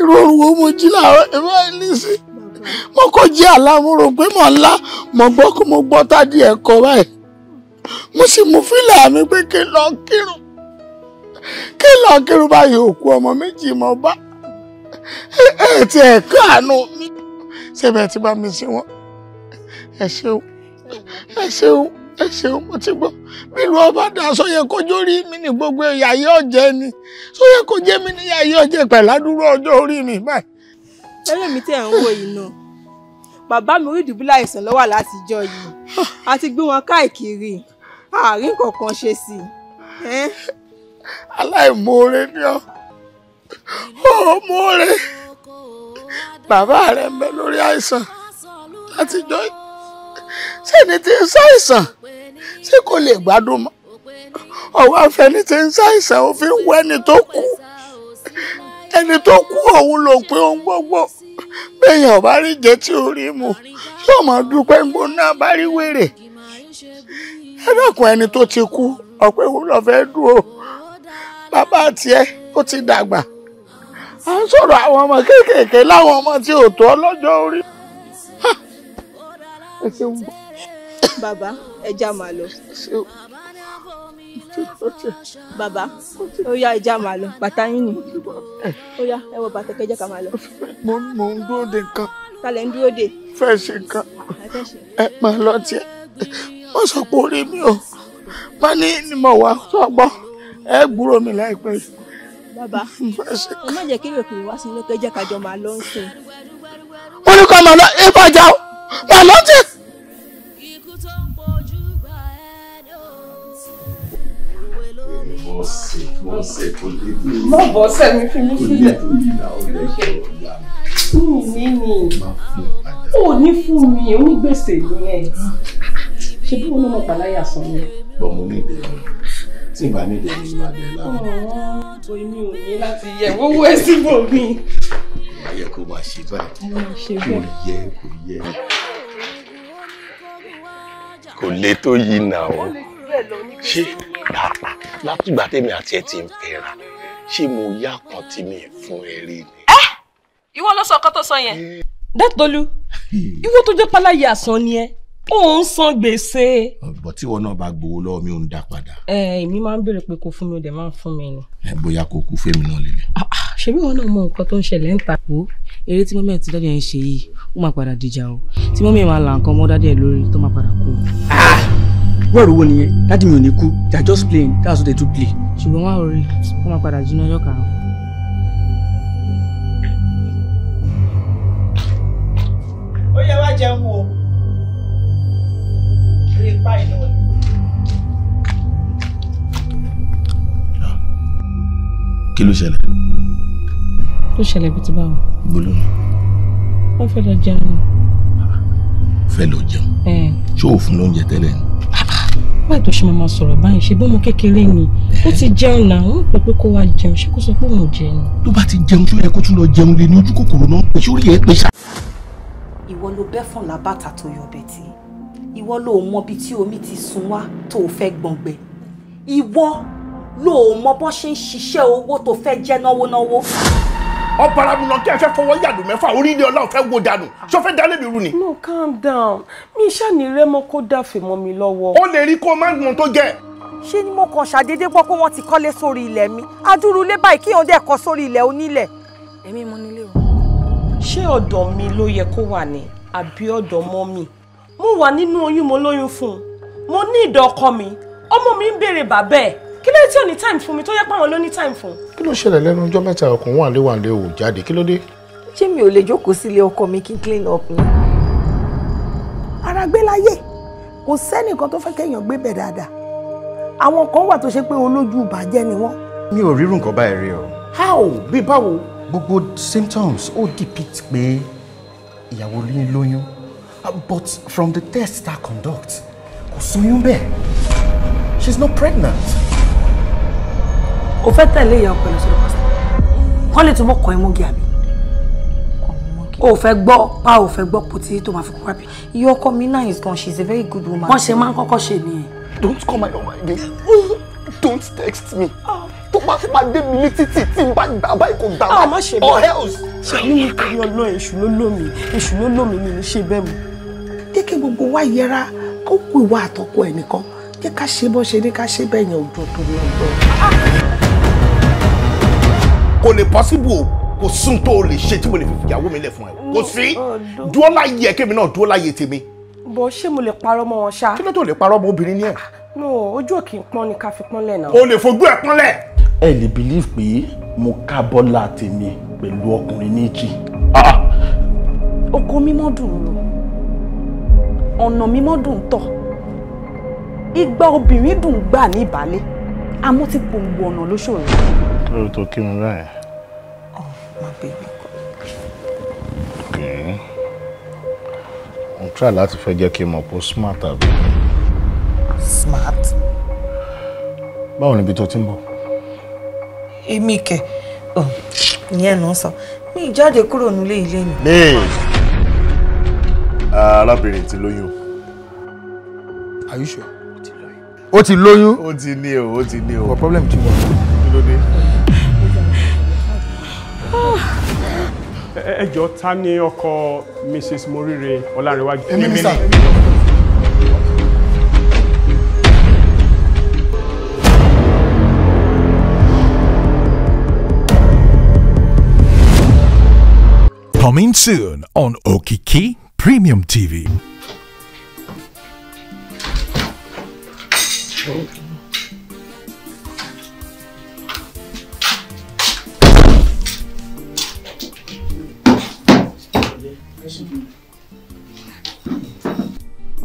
irú oorun wo mo jí láàárọ̀ ìbá ẹ nísì mo kò jí àlá mo rò pé mo ńlá mo gbọ́ kó mo gbọ́ tádìí ẹ̀kọ́ báyìí mo sì mú fìlà mi pé kí n lọ kírun kí lọ kírun báyìí òkú ọmọ méjì mo bá ẹ ti ẹ̀ káàánú mi ṣẹbẹ̀ ti bá mi sí wọn ẹ ṣeun ẹ ṣeun ẹ ṣeun mo ti gbọ́ nílùú ọba dà sóyẹ kójó rí mi ní gbogbo yàyé ọ̀jẹ̀ ni sóyẹ kójé mi ní yàyé ọ̀jẹ̀ pẹ̀ládúró ọjọ́ orí mi báyìí. ẹlẹ́ mi tẹ̀ ń wo yìí bàbá mi orí ìdùbúlẹ̀ àìsàn ló látijọ́ yìí a ti gbé wọn káàkiri àárín kankan ṣe sí i. aláìmoore ni ọ ọmọọrẹ bàbá rẹ ń bẹ lórí àìsàn látijọ́ yìí sẹ́ni tí ń ṣàìsàn ṣé kò lè gbádùn mọ́ ọwọ́ afẹ́ni tí ń ṣàìsàn ó fi ń wọ ẹni tó kú ẹni tó kú òun ló pé òun gbogbo bẹ́yìn ọ̀bá rí jẹ́ tí ó rí mu yóò máa dúpẹ́ ń gbóná bá rí wèrè ẹlọ́kùn ẹni tó ti kú ọ̀pẹ́ òun lọ fẹ́ dúró bàbá tiẹ̀ ó ti dàgbà à ń sọ̀rọ̀ àwọn ọmọ kéékèèké láwọn ọmọ tí ò tó ọlọ́jọ́ orí ẹ ṣeun bọ. bàbá ẹ já máa lọ. bàbá ó yá máa lọ bàtà yín ni Oya yá ẹ wọ bàtà kẹjẹ ká máa lọ. mo mo ń dúró de nǹkan. talẹ̀ ń dúró de. fẹ́ ṣe nǹkan ẹ máa lọ tiẹ̀ wọ́n sọ pé orí mi ò má ní ni mo wà sọ́gbọ́n ẹ gbúrò mi láìpẹ́ yìí. bàbá ẹ má jẹ́ kí èrò kìí wá sí ilé kẹjẹ kájọ máa lọ ń sìn. wọ́n ní kó máa lọ ifá já o my lọ́jẹ̀. Má bọ́ sẹ́mi fi mí sílẹ̀. Mi ní ni. Ó ní fún mi, ó ní gbèsè nìyẹn. Ṣé bí wọn náà mọ̀ pàláyà sọ ni? Bọ̀ mo ní ìdẹ̀rùn tí ìbá ní ìdẹ̀rùn ìbàdàn láwọn. Ọ̀rọ̀ ìmí ò ní láti yẹ̀ wọ́wọ́ ẹ̀ síbò mi máa ṣe báyìí kò yẹ kò yẹ kò lè tó yìí náà o ṣé látìgbà tèmi àti ẹ ti ń fẹ́ra ṣé mo yá kan tí mi fún ẹ rí ni. ẹ ìwọ ló sọ ọkọ tó sọ yẹn. dátọ́lú ìwọ tó jẹ́ páláyé àsán ni ẹ ó ń san gbèsè. ọ̀bọ̀ tí wọn náà bá gbowó lọ́wọ́ mi ò ń dá padà. ẹ èmi máa ń béèrè pé kò fún mi ò dẹ̀ máa fún mi ni. ẹ bóyá kò kú fẹ́mi náà lélẹ̀. Ah, ah, ṣebí wọn náà mọ nǹkan tó ń ṣẹlẹ̀ ń ta kú eré tí mọ́mí ẹ̀ ti dádì ẹ̀ ń ṣe yìí ó máa padà dìjà o tí mọ́mí ẹ̀ máa là nǹkan mọ́ dádì ẹ̀ lórí tó máa padà kú. wọ́ọ̀rù wo nìyẹn dádì mi ò ní kú they are just playing that's what they do play. ṣùgbọ́n wá orí wọ́n máa padà jiná ọjọ́ karùn-ún. ó yẹ wá jẹun o rí ipa ìnáwó. kí ló ṣẹlẹ̀ tó ṣẹlẹ̀ bí ti bá wọ. gbolo. wọ́n fẹ́ lọ jẹun. fẹ́ lọ jẹun. ṣé òfin ló ń jẹ tẹ́lẹ̀ ni. báyìí tó ṣe máa ma sọ̀rọ̀ báyìí ṣe bọ́mọ kékeré ni ó ti jẹun náà ó pè pé kó wá jẹun ṣé kó sọ pé òun ò jẹ ni. tó bá ti jẹun tó yẹ kó tún lọ jẹun lé ní ojú kòkòrò náà pé sórí ẹ pé ṣá. ìwọ ló bẹ́ fún làbàtà tó yọ ọbẹ̀ tí ìwọ ló mọ bí tí omi ti sun wá tó fẹ́ gbọ̀ngbẹ ìwọ ló mọ bó ṣe ń ṣiṣẹ́ owó tó fẹ́ jẹ́ náwó náwó ọba aramulọkẹ ẹ fẹ́ fọwọ́ yàdù mẹ́fà orílẹ̀ ọlá ọfẹ wo dànù ṣọ fẹ́ dalẹ mi rú ni. no calm down mi ṣàní rẹmọ kó dàfẹ́ mọ́ mi lọ́wọ́. ó lè rí kó má gbọn tó jẹ. ṣé ni mo kàn ṣàdédé gbọ́ pé wọ́n ti kọ́lé sórí ilẹ̀ mi adúrú ilé báyìí kí òun dẹ̀ kọ́ sórí ilẹ̀ onílẹ̀. èmi mo nílé o. ṣé ọ̀dọ̀ mi ló yẹ kó wà ní àbí ọ̀dọ̀ mọ́ mi mo wà nínú oyún mo lóyún fún un mo ní ìdọ̀ ọkọ mi ọmọ mi ń béèrè bàbá ẹ̀ kí ló tí ò ní time fún mi tó yẹ pé àwọn ló ní time fún. kí ló ṣẹlẹ̀ lẹ́nu ọjọ́ mẹ́ta ọkùnrin wà léwà lé o jáde kí ló dé. ṣé mi ò lè jókòó sílé ọkọ mi kí n clean up ni. ara gbé láyé kò sẹ́nìkan tó fẹ́ kéèyàn gbé bẹ̀ dáadáa àwọn kan wà tó ṣe pé olójú ìbàjẹ́ ni wọ́n. mi ò rírun nǹkan báyìí rí o. how bí báwo. gbogbo symptoms ó depict pé ìyàwó ní lóyún uh, but from the test I conduct kò sóyún bẹ́ẹ̀ she is not pregnant o fẹ́ tẹ̀lé ìyá ọkọ lọ sọ́dọ̀ pásítọ̀ wọ́n lè tún mọ̀ kọ́ ẹ mọ́gì àbí o fẹ́ gbọ́ pa o fẹ́ gbọ́ po títí tó máa fi kú rábì. iye ọkọ mi náà is gone she is a very good woman. wọ́n ṣe máa ń kọ́kọ́ ṣe nìyẹn. don't call my number again don't text me tó bá máa dé mi ní títì tí n bá gbà báyìí kò gbà báyìí ah, or else. ṣe ní mo kiri ọlọ́run èṣù ló lómi èṣù ló lómi mi ní ṣe bẹ́ẹ̀ mu. jẹ́ kí gbogbo wa yẹra kó kú ìwà àtọ́kọ ẹ̀ nìkan jẹ́ ká ṣe bó ṣe ní ká ṣe bẹ́ẹ̀ yẹn òjò tó ní ọgbọ́n kò lè possible o kò sún tó o lè ṣe tí mo lè fi fìyàwó mi lẹ̀ fún ẹ kò sí mm, oh, dúró láyé ẹ kémi náà dúró láyé tèmi. bó ṣé mo lè parọ́ mọ́ wọn ṣá. kí ló tó lè parọ́ mọ́ obìnrin ni ẹ. no ojú ò pọ́n ni ká fi pọ́n lẹ̀ náà. o lè fojú ẹ pọ́n lẹ̀. ẹ lè believe pé mo ká bọ́lá tèmi pẹ̀lú ọkùnrin méjì. Ah, ah. oko mímọ́ dùn ún ọ̀nà mímọ́ dùn tọ̀ igba obìnrin dùn gbà ní ìbálẹ̀ àmọ́ ti pòǹgbò ọ̀nà lóṣòro. lóòótọ́ kí n rà baby kan. Okay. mo try láti fẹ́ jẹ́ kí n mọ̀ pé smart àbí. smart. báwo ni ibi tó ti ń bọ̀. èmi kẹ̀ ìyẹn ló sọ mi ìjáde kúrò nílé ilé mi. mi arábìnrin ti lóyún. are you sure. ó ti lóyún. ó ti ní o ó ti ní o. for problem ti wà. kí ló dé. ọkọ Mrs. Morire Ọlárẹwájú. èmi mi Coming soon on Okiki Premium TV.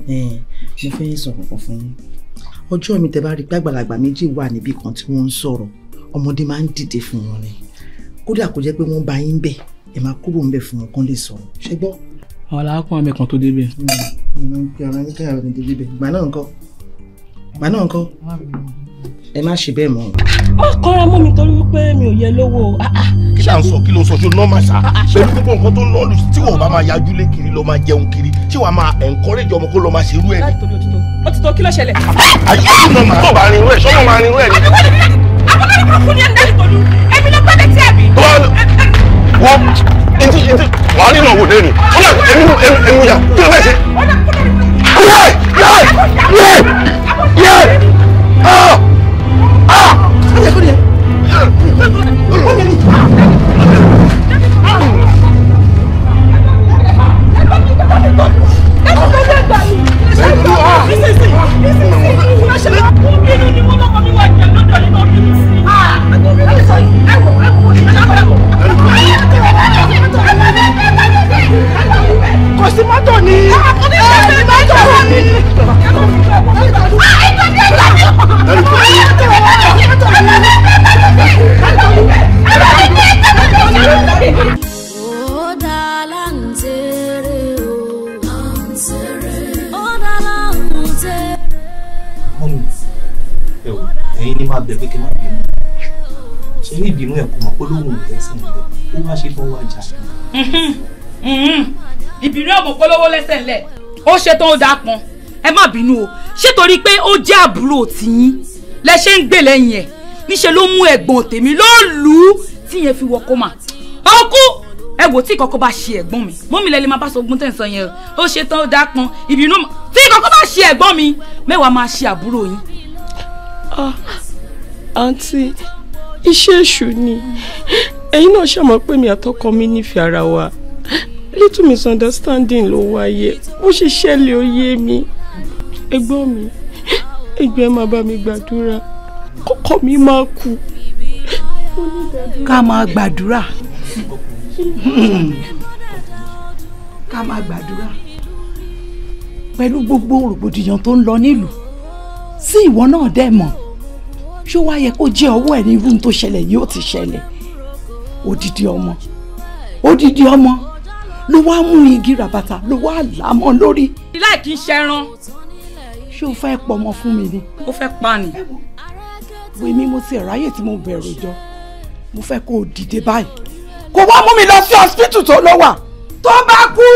mo fẹ́ sọ̀rọ̀ kan fún yín ọjọ́ mi tẹ́ bá rí pé àgbàlagbà méjì wà níbi kan tí wọ́n ń sọ̀rọ̀ ọmọdé máa ń dìde fún wọn ni kódà kó jẹ́ pé wọ́n bá yín bẹ̀ ẹ̀ máa kúrò ńbẹ̀ fún wọn kán lè sọ̀rọ̀ ṣé gbọ́. àwọn aláàkùn àmì kan tó débẹ̀. ọ̀rọ̀ ẹni kí àwọn ẹni débẹ̀ gbà náà ńkọ́ gbà náà ńkọ́ ẹ má ṣe bẹ́ẹ̀ mọ́. má kọ́ra mọ́ mi torí wípé mi ò yẹ lówó kí là ń sọ kí ló ń sọ ṣe nọ́ọ̀mà ṣá pẹ̀lú gbogbo nǹkan tó ń lọ́ọ̀lù tí wọ́n bá máa yájú lé kiri lọ́ọ́ máa jẹun kiri tí wọ́n máa encourage ọmọ kó lọ́ọ́ máa ṣe irú ẹ̀. òtítọ́ kí ló ṣẹlẹ̀. àyè sọ́mọ máa bá rin irú ẹ̀ sọ́mọ máa rin irú ẹ̀ ni. wọ́n etí etí kò sí bẹ̀ pé kí n má bínú ṣe ní ìbínú ẹ̀ kò mọ̀ pé lóhùn ìtẹ́sẹ̀ ńlẹ̀ ó wá ṣe fọwọ́ ajá. ìbínú ọ̀mọ̀ polówó lẹ́sẹ̀ ńlẹ̀ ó ṣe tán ó dáa pọn ẹ má bínú o ṣé torí pé ó jẹ́ àbúrò tìyín lẹ ṣe ń gbè lẹ́yìn ẹ̀ níṣẹ́ ló mú ẹ̀gbọ́n tèmi ló lù ú tíyẹn fi wọ kọ́mà ọkú ẹ wò tí kọ́kọ́ bá ṣe ẹ̀gbọ́n mi mọ́mí lẹ́lẹ́ máa bá sọ ogun tẹ̀sán yẹn ó ṣe tán ó dáa pọn ìbínú tí kọ́kọ́ bá ṣe ẹ̀gbọ́n mi mẹ́wàá máa ṣe àbúrò yín. Ah, àǹtí iṣẹ́ èṣù ni ẹ̀yin náà ṣàmọ́ pé mi àtọkọ mi nífẹ̀ẹ́ ara wa little misunderstanding ló wáyé bó ṣe ṣẹlẹ̀ ó mi ẹ̀gbọ́n mi ẹgbẹ́ máa bá mi gbàdúrà kọ́kọ́ mi máa kú. ká máa gbàdúrà ká máa gbàdúrà pẹ̀lú gbogbo rògbòdìyàn tó ń lọ nílùú sí ìwọ náà dẹ̀ mọ̀ ṣó wá yẹ kó jẹ́ ọwọ́ ẹ̀ ní irú tó ṣẹlẹ̀ yóò ti ṣẹlẹ̀ odidi ọmọ odidi ọmọ ló wá mú igi ràbàtà ló wá làámọ́ lórí. láì kí n ṣẹran. ṣé o fẹ́ pọ̀ ọmọ fún mi ni. ó fẹ́ pa ni. wo èmi mo ti ráyè tí mo bẹ̀rù jọ mo fẹ́ kó o dìde báyìí kó wá mú mi lọ sí hospital tó lọ wà tó bá kú.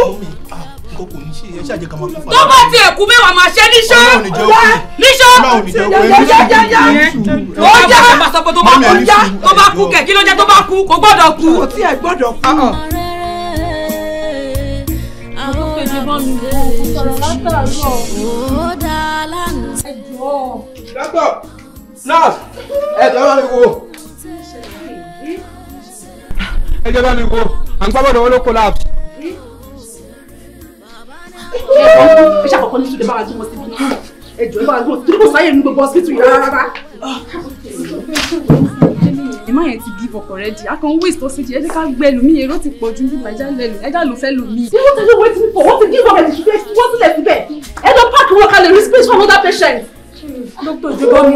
Ah kò ní ṣe ẹṣẹ àjẹkà máa kú fún tó bá ti ẹ̀kú mẹ́wàá máa ṣe níṣọ́ níṣọ́ ó jẹ́ bàbá sọ tó bá kú tó bá kú kẹ̀ ló jẹ́ tó bá kú kò gbọ́dọ̀ kú. kò tí ẹ gbọ́dọ̀ kú. dọ́tọ̀ nọ́ọ̀sì ẹ̀jẹ̀ bá mi wo ẹ̀jẹ̀ bá mi wo à ń gbọ́ bọ́dọ̀ olóko láàbù ẹ ṣàkọ́kọ́ ní ṣùgbọ́n bá wa dúró sí ibi náà ẹ jọ ẹ bá wa dúró torí kò sáyè nínú gbogbo hospital yìí rárá. Emma yẹn ti give up already. I can waste hospital. Ẹ jẹ́ ká gbẹ lù mí. Èrò ti pọ̀ ju ní ìgbà ẹja lẹ́nu. Ẹja ló fẹ́ lù mí. Ṣé wọ́n ti lè wait for? Wọ́n ti give up ẹ̀ ṣùgbọ́n wọ́n ti lẹ̀ síbẹ̀. Ẹ lọ páàkì wọn kalẹ̀ rí space for another patient. Dókítà ojú bọ́ mi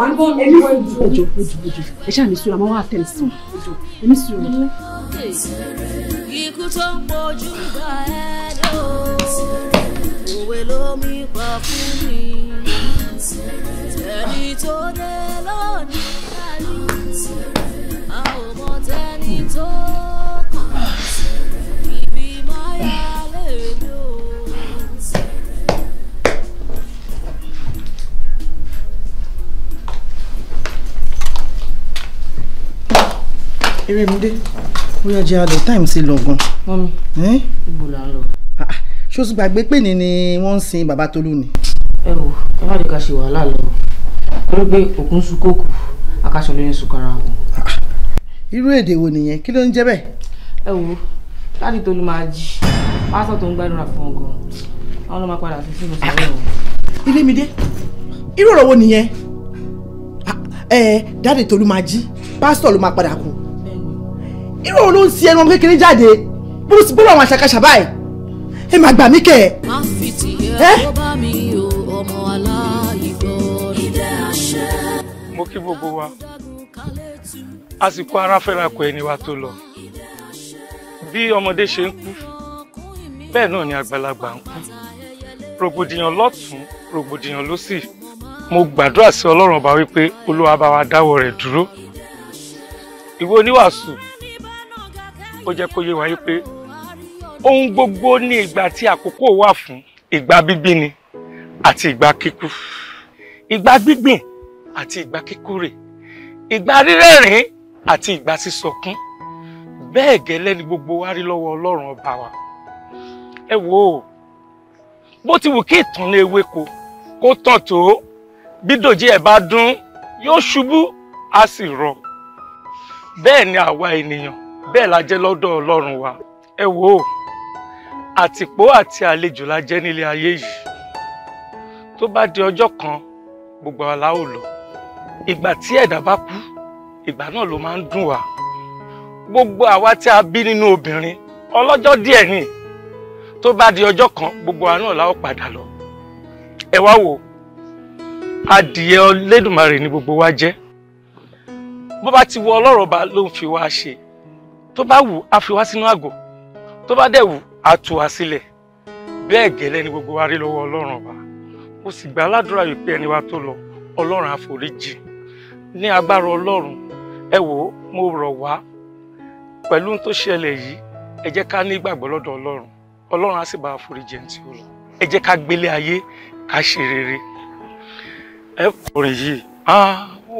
wà ń bọ́ mi. Ojo ojo ojo ẹ ṣáà ní sùúrù àmọ́ wà á tẹ̀lé sí i. Ojo ẹ ní sùúrù ikú tó ń pojú bá ẹni o òwe ló mi pa fún mi tẹni tó dé lónìí kárí a ò mọ tẹni tó kàn ibi máa yá lèmi o. Èrè mi dé bóyá jẹ́ alọ́ time ti lọ gan. mọ́mí ibo là ń lọ. Ah, ṣó tún gbàgbé pé ní ni wọ́n ń sin bàbá Tolú ni. ẹ wo ẹ má lè ka ṣe wàhálà lọ torí pé òkun sun kóòkù akáṣọ lóyún sun kára wọn. Ah, irú èdè wo nìyẹn kí ló ń jẹ́ bẹ́ẹ̀. ẹ wo láti Tolú máa jí pásítọ̀ tó ń gbàdúrà fún ọ gan àwọn ló máa padà sí sínú sọ̀rọ̀ wọn. ilé mi dé irú ọ̀rọ̀ wo nìyẹn ah, ẹ dáàdì Tolú máa jí pásítọ̀ ló máa padà kú irú òun ló ń si ẹran kékeré jáde bólú sí bólú àwọn àṣàkáṣà báyìí ẹ máa gbà mí kẹ. má fi tiẹ̀ tó bá mi mo kí gbogbo wa àsìkò ara ẹni wa tó lọ bí ọmọdé ṣe ń kú bẹ́ẹ̀ náà ni àgbàlagbà ń kú rògbòdìyàn lọ́tún rògbòdìyàn lósì mo gbàdúrà sí ọlọ́run ọba wípé olúwa bá wa dáwọ́ rẹ̀ dúró ìwé oníwàásù ó jẹ́ kó yé wa pé ohun gbogbo ní ìgbà tí àkókò wà fún ìgbà bíbí ni àti ìgbà kíkú ìgbà gbígbìn àti ìgbà kíkórè ìgbà rírẹ̀rìn àti ìgbà sísọkún bẹ́ẹ̀ gẹ́lẹ́ ni gbogbo wa rí lọ́wọ́ Ọlọ́run ọba wa ẹ wò ó bó ti wù kí ìtànlé ewéko kó tàn tó bí ẹ̀ bá dún yóò ṣubú á sì rọ bẹ́ẹ̀ ni àwa ènìyàn bẹ́ẹ̀ la jẹ́ lọ́dọ̀ ọlọ́run wa ẹ wò ó àtìpó àti àlejò la jẹ́ nílé ayé yìí tó bá di ọjọ́ kan gbogbo wa la ó lọ ìgbà tí ẹ̀dá bá kú ìgbà náà ló máa ń dùn wá gbogbo àwa tí a bí nínú obìnrin ọlọ́jọ́ díẹ̀ ni tó bá di ọjọ́ kan gbogbo wa náà la ó padà lọ ẹ wá wò adìyẹ Olódùmarè ni gbogbo wa jẹ́ bó bá ti wọ ọlọ́rọ̀ bá ló ń fi wá ṣe tó bá wù á fi wá sínú àgọ́ tó bá dẹ̀ wù á tú wa sílẹ̀ bẹ́ẹ̀ gẹ́lẹ́ ni gbogbo wa rí lọ́wọ́ ọlọ́run ọba mo sì gbà ládùúrà yìí pé ẹni wa tó lọ ọlọ́run àforíjì ní agbára ọlọ́run ẹ wò ó mo rọ̀ wá pẹ̀lú tó ṣẹlẹ̀ yìí ẹ jẹ́ ká ní ìgbàgbọ́ lọ́dọ̀ ọlọ́run ọlọ́run á sì bá àforíjì ẹni tí ó lọ ẹ jẹ́ ká gbélé ayé ká ṣe rere ẹ kọrin yìí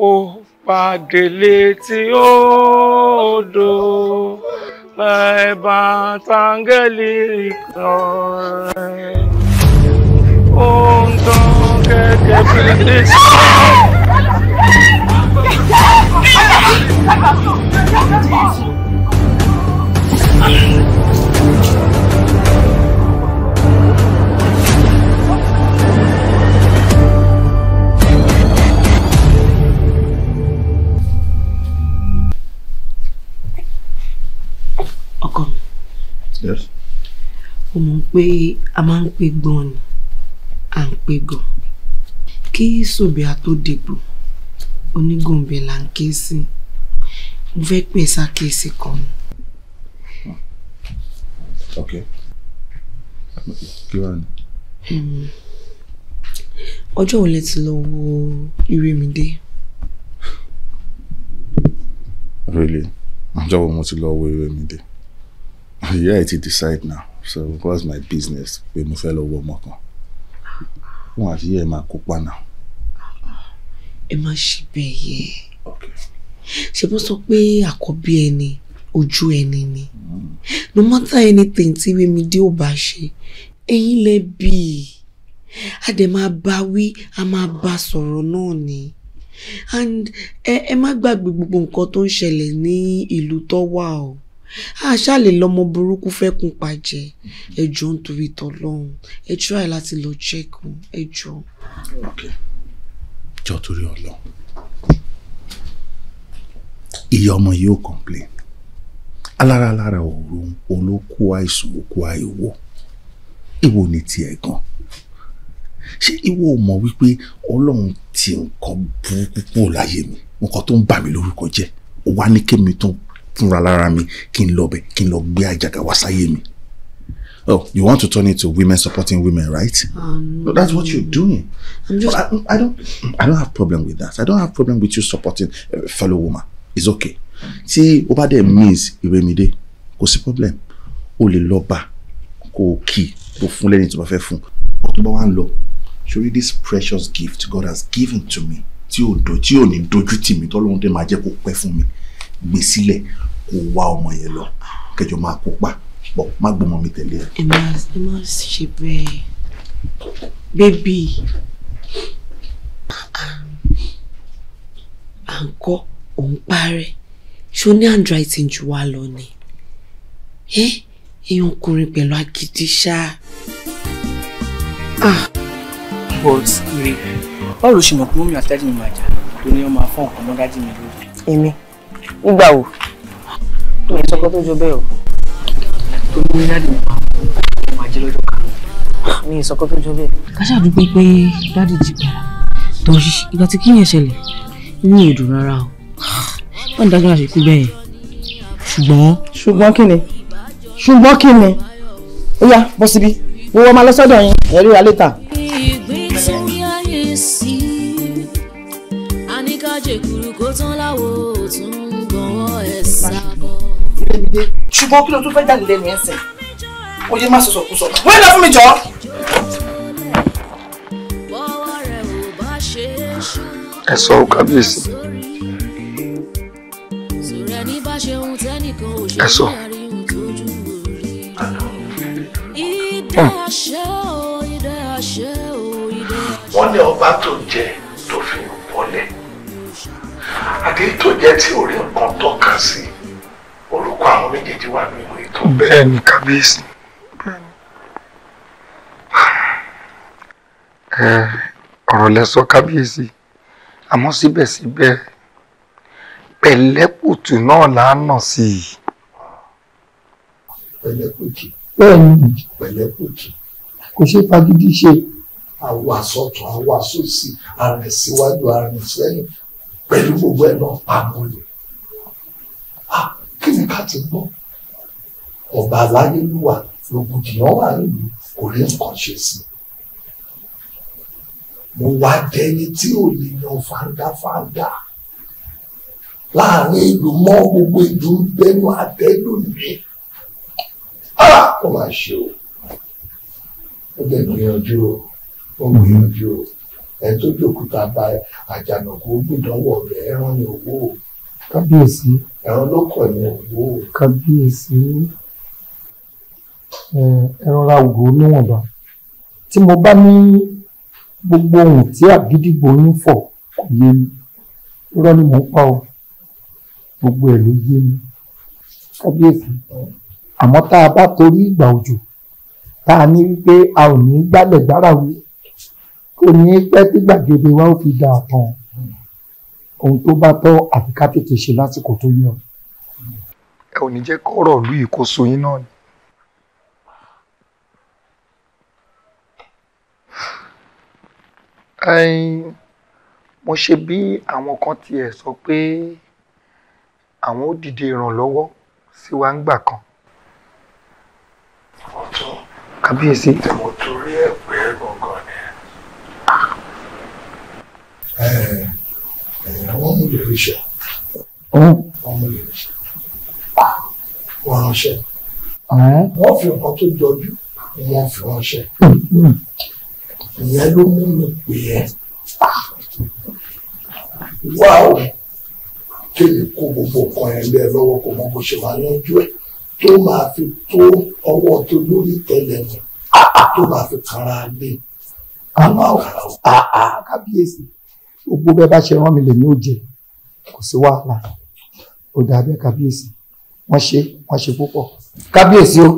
ó pàgélé tí ó dò ẹ̀bà tàǹgẹ̀lì ìkọ̀rẹ́ ó ń tán kẹ́kẹ́ pèlè sí i. mọ̀ pé a máa ń pè gan ni à ń pè gan kí sòbíà tó dìgbò onígòǹbẹ là ń ké sí mo fẹ́ pè ṣàkíyèsí kan ni. ok kí wàá ní. Hmm. ọjọ́ wo lẹ ti lọ wo Ìrèmídé. really ọjọ́ wo mo ti lọ wo Ìrèmídé yeah i ti decide now so what's my business pé mo fẹ́ lọ wọ ọmọ kan fún àṣìyẹ ẹ máa kópa náà. ẹ má ṣe bẹ́ẹ̀ yẹ ṣe bó sọ pé àkọ́bí ẹni ojú ẹni ni mm. no matter anything tí Wémídé ò bá ṣe ẹ̀yin lẹ bí i a dẹ̀ máa bá wí a máa bá sọ̀rọ̀ náà ni and ẹ má gbàgbé gbogbo nǹkan tó ń ṣẹlẹ̀ ní ìlú tó wà o àṣà lè lọmọ burúkú fẹ́ kun pàjẹ́ ẹjọ́ nítorí tọ́lọ́run ẹ try láti lọ check un ẹjọ́. ok jọ torí ọlọ ìyá ọmọ yìí ò complain alára alára òru olókù àìsàn òkú àìwò èwo ni tiẹ̀ gan ṣé ìwọ ò mọ̀ wípé ọlọ́run ti nǹkan burúkú kúrò láyé mi nǹkan tó ń bà mí lórúkọ jẹ́ ó wá ní kémi tó fúnra lára mi kí n lọ bẹ̀ kí n lọ gbé àjàgà wá sáyé mi. Oh, you want to turn it to women supporting women, right? Um, no, that's what you're doing. just, I, I don't, I don't have problem with that. I don't have problem with you supporting a uh, fellow woman. It's okay. Tí o bá dẹ̀ miss Iremide, kò sí problem. O lè lọ bá kó o kí kó fún lẹ́yìn tó bá fẹ́ fún. Tó bá wá ń lọ, surely this precious gift God has given to me Ti tí ò dojú tì mí tọ́lọ́run dẹ̀ máa jẹ́ kó pẹ́ fún mi gbé sílẹ̀ kó wá ọmọ yẹn lọ kẹjọ máa kópa pọ̀ má gbọ́mọ mi tẹ̀lé ẹ. ẹ má ẹ má ṣe bẹ́ẹ̀ bébì à ń kọ́ òun parẹ́ ṣó ní handwriting jù wá lọ ni èèyàn ọkùnrin pẹ̀lú agídí ṣáá. but ire báwo ló ṣe mọ̀ pé mọ́mí àtẹ́jú mi máa jà tó ní ọmọ afọ́ nǹkan mọ́ dájú mi lórí. èmi nígbà wo mi ò sọkọ tó jọ bẹ́ẹ̀ o. tó ní wíńdà dì nípa ọmọ máa jí lọ́jọ́ kan. mi ò sọkọ tó jọ bẹ́ẹ̀. káṣá dúpẹ́ pé dáàdì jí gbàrà torí ìgbà tí kíyàn ṣẹlẹ̀ inú mi rárá o wọ́n ní àṣẹ kú bẹ́ẹ̀ ṣùgbọ́n. ṣùgbọ́n kí ni ṣùgbọ́n kí ni ó yá bọ́ síbí gbogbo ọmọ alọ́sọ́dọ̀ yín ẹ̀rí wa létà. bọ́ kí ló tún fẹ́ jáde lẹ́nu ẹ̀sìn oyè má sọ̀sọ̀ kú sọ wọ́n lọ fún mi jọ. ẹ sọ kábíyèsí ẹ sọ. wọ́n ní ọba tó jẹ tó fi wọlé àti tó jẹ tí ò nǹkan tọ́ka sí i orúkọ àwọn méjèèjì wà ní ìwé ètò. bẹ́ẹ̀ni kábíyèsí bẹ́ẹ̀ni. ẹ ọ̀rọ̀ lẹ sọ kábíyèsí àmọ́ síbẹ̀síbẹ̀ pẹ̀lẹ́pùtù náà là ń nà sí i. pẹ̀lẹ́pùtù bẹ́ẹ̀ni pẹ̀lẹ́pùtù kò ṣe fagídí ṣe àwa sọ́tún àwa sósì àrìn síwájú pẹ̀lú gbogbo ẹ̀ náà pàmò lè kí ni ká ti gbọ́ ọba aláyélúwà rògbòdìyàn wà nílùú kò rí nǹkan ṣe sí mo wá dẹni tí ò lè yan fangafanga láàrin ìlú mọ́ gbogbo ìlú gbẹnu àtẹ́lù mi ah! kó máa ṣe o ó dẹ̀ gbìyànjú o ó gbìyànjú o ẹ̀ tó jòkúta bá àjànàkú gbìdánwò rẹ̀ ẹ̀ràn ní owó o. kábíyèsí àwọn lọ́kàn ni ìwò. kábíyèsí ẹranra ògò níwọ̀nba tí mo bá ní gbogbo ohun tí àgídìgbò ń fọ̀ kò yé mi irọ́ ni mò ń pa o gbogbo ẹ̀ ló yé mi kábíyèsí àmọ́ tá a bá torí ìgbà òjò tá a ní wípé a ò ní gbálẹ̀ gbára wí kò ní pẹ́ tí gbàgede wa ó fi dà tán ohun tó bá tọ́ àfi ká tètè ṣe lásìkò tó yẹ. ẹ ò ní jẹ́ kọ́rọ̀ ìlú yìí kó so yín náà mo ṣe bí àwọn kan tiẹ̀ sọ pé àwọn ó dìde ìrànlọ́wọ́ sí wa ń gbà kan. kábíyèsí. mo torí ẹ̀ pé gangan ni àwọn mú lè ríṣẹ́ wọ́n mú lè ríṣẹ́ wọ́n ránṣẹ́ wọ́n fi ọkàn tó jọjú wọ́n fi ránṣẹ́ ìyẹn ló mú mi pè ẹ́ wá o kí ni kó gbogbo nǹkan ẹ̀ lé lọ́wọ́ kó mọ bó ṣe máa yanjú ẹ̀ tó máa fi tó ọwọ́ tó lórí tẹ́lẹ̀ mi tó máa fi kára lé. àmọ́ àkàbíyèsí gbogbo bẹ́ẹ̀ bá ṣe rán mi lèmi ò jẹ kò sí wàhálà ó dà bẹ́ẹ̀ kábíyèsí wọ́n ṣe wọ́n ṣe púpọ̀ kábíyèsí o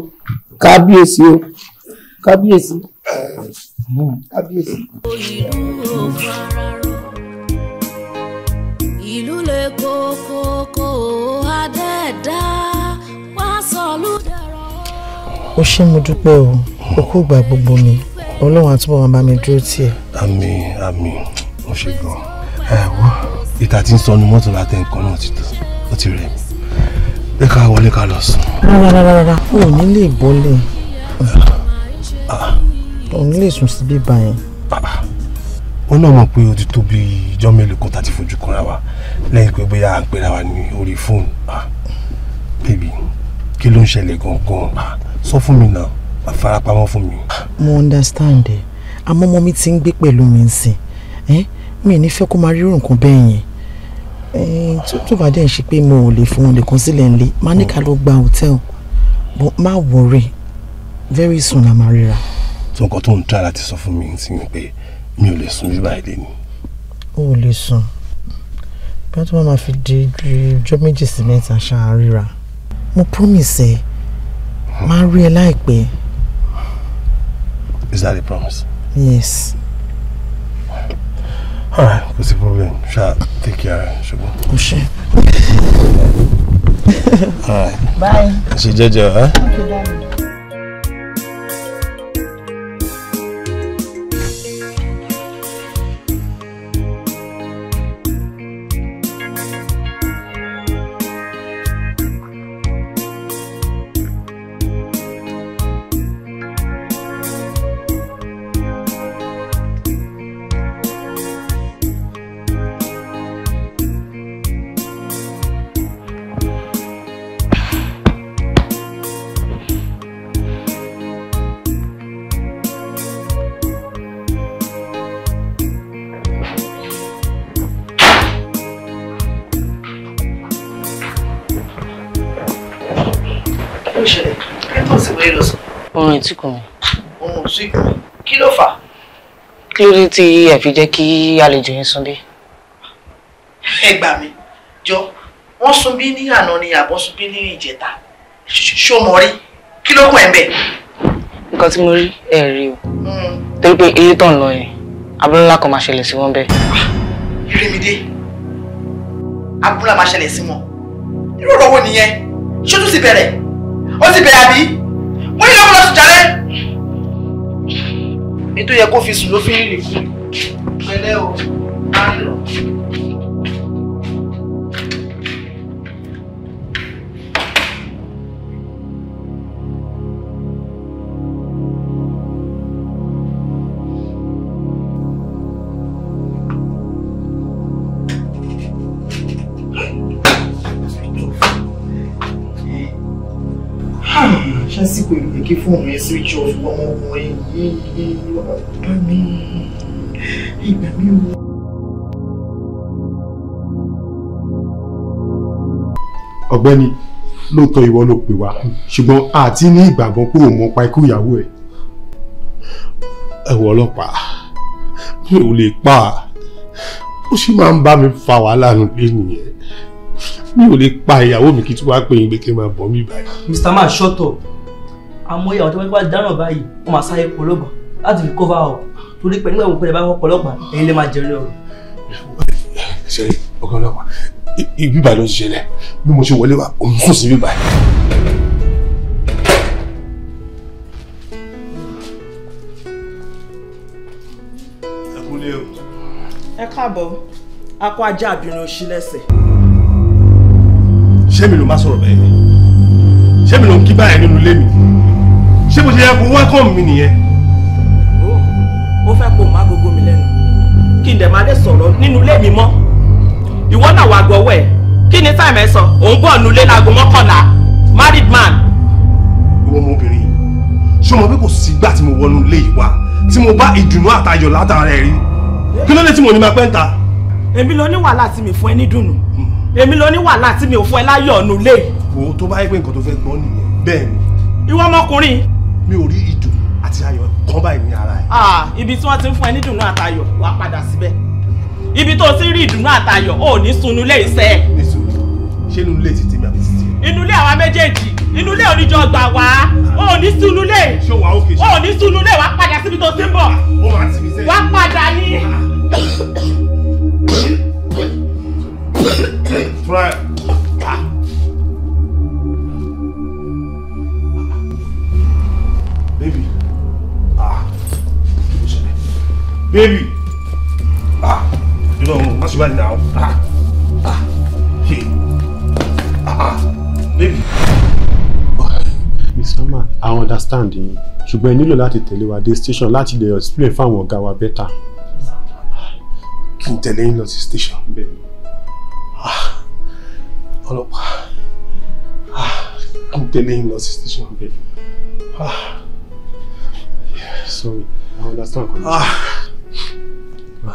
kábíyèsí o kábíyèsí hmm, kábíyèsí. ìlú lè kókókó adẹ́ẹ̀dá wá sọ lùdàrọ̀. ó ṣé mo dúpẹ́ o kókó gbà gbogbo mi ọlọ́run àtúbọ̀ wọn bá mi dúró tiẹ̀. àmín àmín ó ṣe gan ẹ wọ ìta tí ń sọnù mọ́tò láti nǹkan náà ti tó ó ti rẹ̀ mí ẹ ká wọlé ká lọ sùn. rárá rárá rárá o ò ní lè bọ́lẹ̀ o ò ní lè sùn síbí báyìí. ó náà mọ̀ pé o ti tó bí ìjọ́ mélòó kan tá a ti fojú kanra wa lẹ́yìn pé bóyá à ń pera wa ní orí fóònù bèbí kí ló ń ṣẹlẹ̀ gangan sọ fún mi náà farapamọ́ fún mi. mo understand ẹ àmọ́ ọmọ mi ti ń gbé pẹ̀lú mi ń sìn mi ní fẹ́ kó máa rírun nǹkan bẹ́ẹ̀ yẹn tó bá dẹ̀ ń ṣe pé mo ò lè fún un nìkan sílẹ̀ ńlẹ̀ máa ní ká lọ gba hòtẹ́ẹ̀lì but má worry very soon la máa ríra. tí nǹkan tó ń dára ti sọ fún mi sí ni pé mi ò lè sùn bí báyìí lé ni. o ò lè sùn bí wọ́n tó máa fi di ọjọ́ méjì sí mẹ́ta ṣáà ríra mo promise ẹ máa rí ẹ láìpẹ́. is that a promise. yes all right kò sí problem ṣá take care Shabu. o ṣe. all right. bye. ṣe jẹ́jẹ́ ẹ. thank you darling. sweet gan. òun oh, ò sweet kí ló fà. kí ló dé tí ẹ fi jẹ́ kí àlejò yín súnbí. ẹ gbà mí jọ wọ́n súnbí ní àná ni àbọ̀ súnbí ní ìjẹta ṣó mọ rí kí ló kún ẹ bẹ́ẹ̀. nǹkan tí mo rí ẹ rí o hmm. torí pé eré tó ń lọ yẹn abúlé ńlá kan máa ṣẹlẹ̀ sí wọn bẹ́ẹ̀. ìrèmídé ah, abúlé máa ṣẹlẹ̀ sí wọn irú ọ̀rọ̀ wo nìyẹn ṣó tún ti bẹ̀rẹ̀ ó ti bẹ̀rẹ̀ àbí bọ́ sí jàre. ètò yẹ kó fi sùn ló fi ń rìn kú. pẹ̀lẹ́ o máa ń lọ. kí fóònù yẹn switch off ọmọkùnrin yìí ọba mi ìgbà mi wọ. ọ̀gbẹ́ni lóòótọ́ ìwọ ló pè wá ṣùgbọ́n àti ní ìgbàgbọ́ pé òun mọ̀ pa ikú ìyàwó ẹ̀. ẹ̀wọ̀ ọlọ́pàá mi ò lè pa á ó sì máa ń bá mi fa wàhálà nílé nìyẹn mi ò lè pa ìyàwó mi kí tí wàá pè yín pé kí n máa bọ̀ mí báyìí. Mr. Man shut up àmọ́ ìyàwó tó wọ́n bá dáràn báyìí wọ́n máa sáré polóbọ̀ láti fi cover up torí pé nígbà ìwòpẹ́ bá wọ́n pọlọ́pàá ẹ̀yin lè máa jẹ orí ọ̀rọ̀. ṣe ọgá ọlọ́pàá ibi ìbàdàn ló ti ṣẹlẹ̀ bí mo ṣe wọlé wa òun kù sí bíbà. ẹ káàbọ̀ akọ ajá àbìrin òṣì lẹ́sẹ̀. ṣé mi ló máa sọ̀rọ̀ bẹ́ẹ̀ ṣé mi ló ń kí báyìí nínú ilé mi ṣé mo ṣe yẹ kó welcome mi nìyẹn. ó fẹ́ kó má gbogbo mi lẹ́nu kí n dẹ̀ máa lè sọ̀rọ̀ nínú ilé mi mọ́ ìwọ náà wà gbọ́wọ́ ẹ̀ kí ni táìmù ẹ sọ òun bọ̀ nu ilé láago mọ́kànlá married man. ìwọ ọmọbìnrin ṣé o mọ̀ pé kò sígbà tí mo wọnú ilé yìí wá tí mo bá ìdùnnú àtayọ̀ látara ẹ̀ rí kí ló dé tí mo ní máa pẹ́ ń ta. èmi ló ní wàhálà tí mi fún ẹ ní dùnnú èmi ló ní wàhálà tí mi ò fún ẹ láyọ̀ ọ̀nù lé. wo tó pé nǹkan tó fẹ́ gbọ́ nìyẹn bẹ́ẹ̀ ni. ìwọ ọmọkùnrin mi ò rí ìdùn àti ayọ̀ kan báyìí ní ara ẹ̀. ah ibi tí wọ́n ti ń fún ẹ ní ìdùnnú àtayọ̀ wà padà síbẹ̀ ibi tó ti rí ìdùnnú àtayọ̀ ò ní sunu lé iṣẹ́ ẹ̀. nísòro ṣé inú ilé ti tèmi àbí ti tiẹ̀. inú ilé àwa méjèèjì inú ilé oníjọ gbà wá ò ní sunu lé ò ní sunu lé wà padà síbi tó ti ń bọ̀ wà padà ní. baby ah baby ah you know má ṣe báyìí now ah ah hey ah, ah. baby. Mr. Man, I understand yín ṣùgbọ́n ẹ nílò láti tẹ̀lé wa dé station let lè explain fáwọn ọ̀gá wa better. Kí n tẹ̀lé yín lọ sí station? Bẹ́ẹ̀ni. Ah. Ọlọ́pàá, ah. kí n tẹ̀lé yín lọ sí station? Ah. Sorry, I understand. Ah. Ah.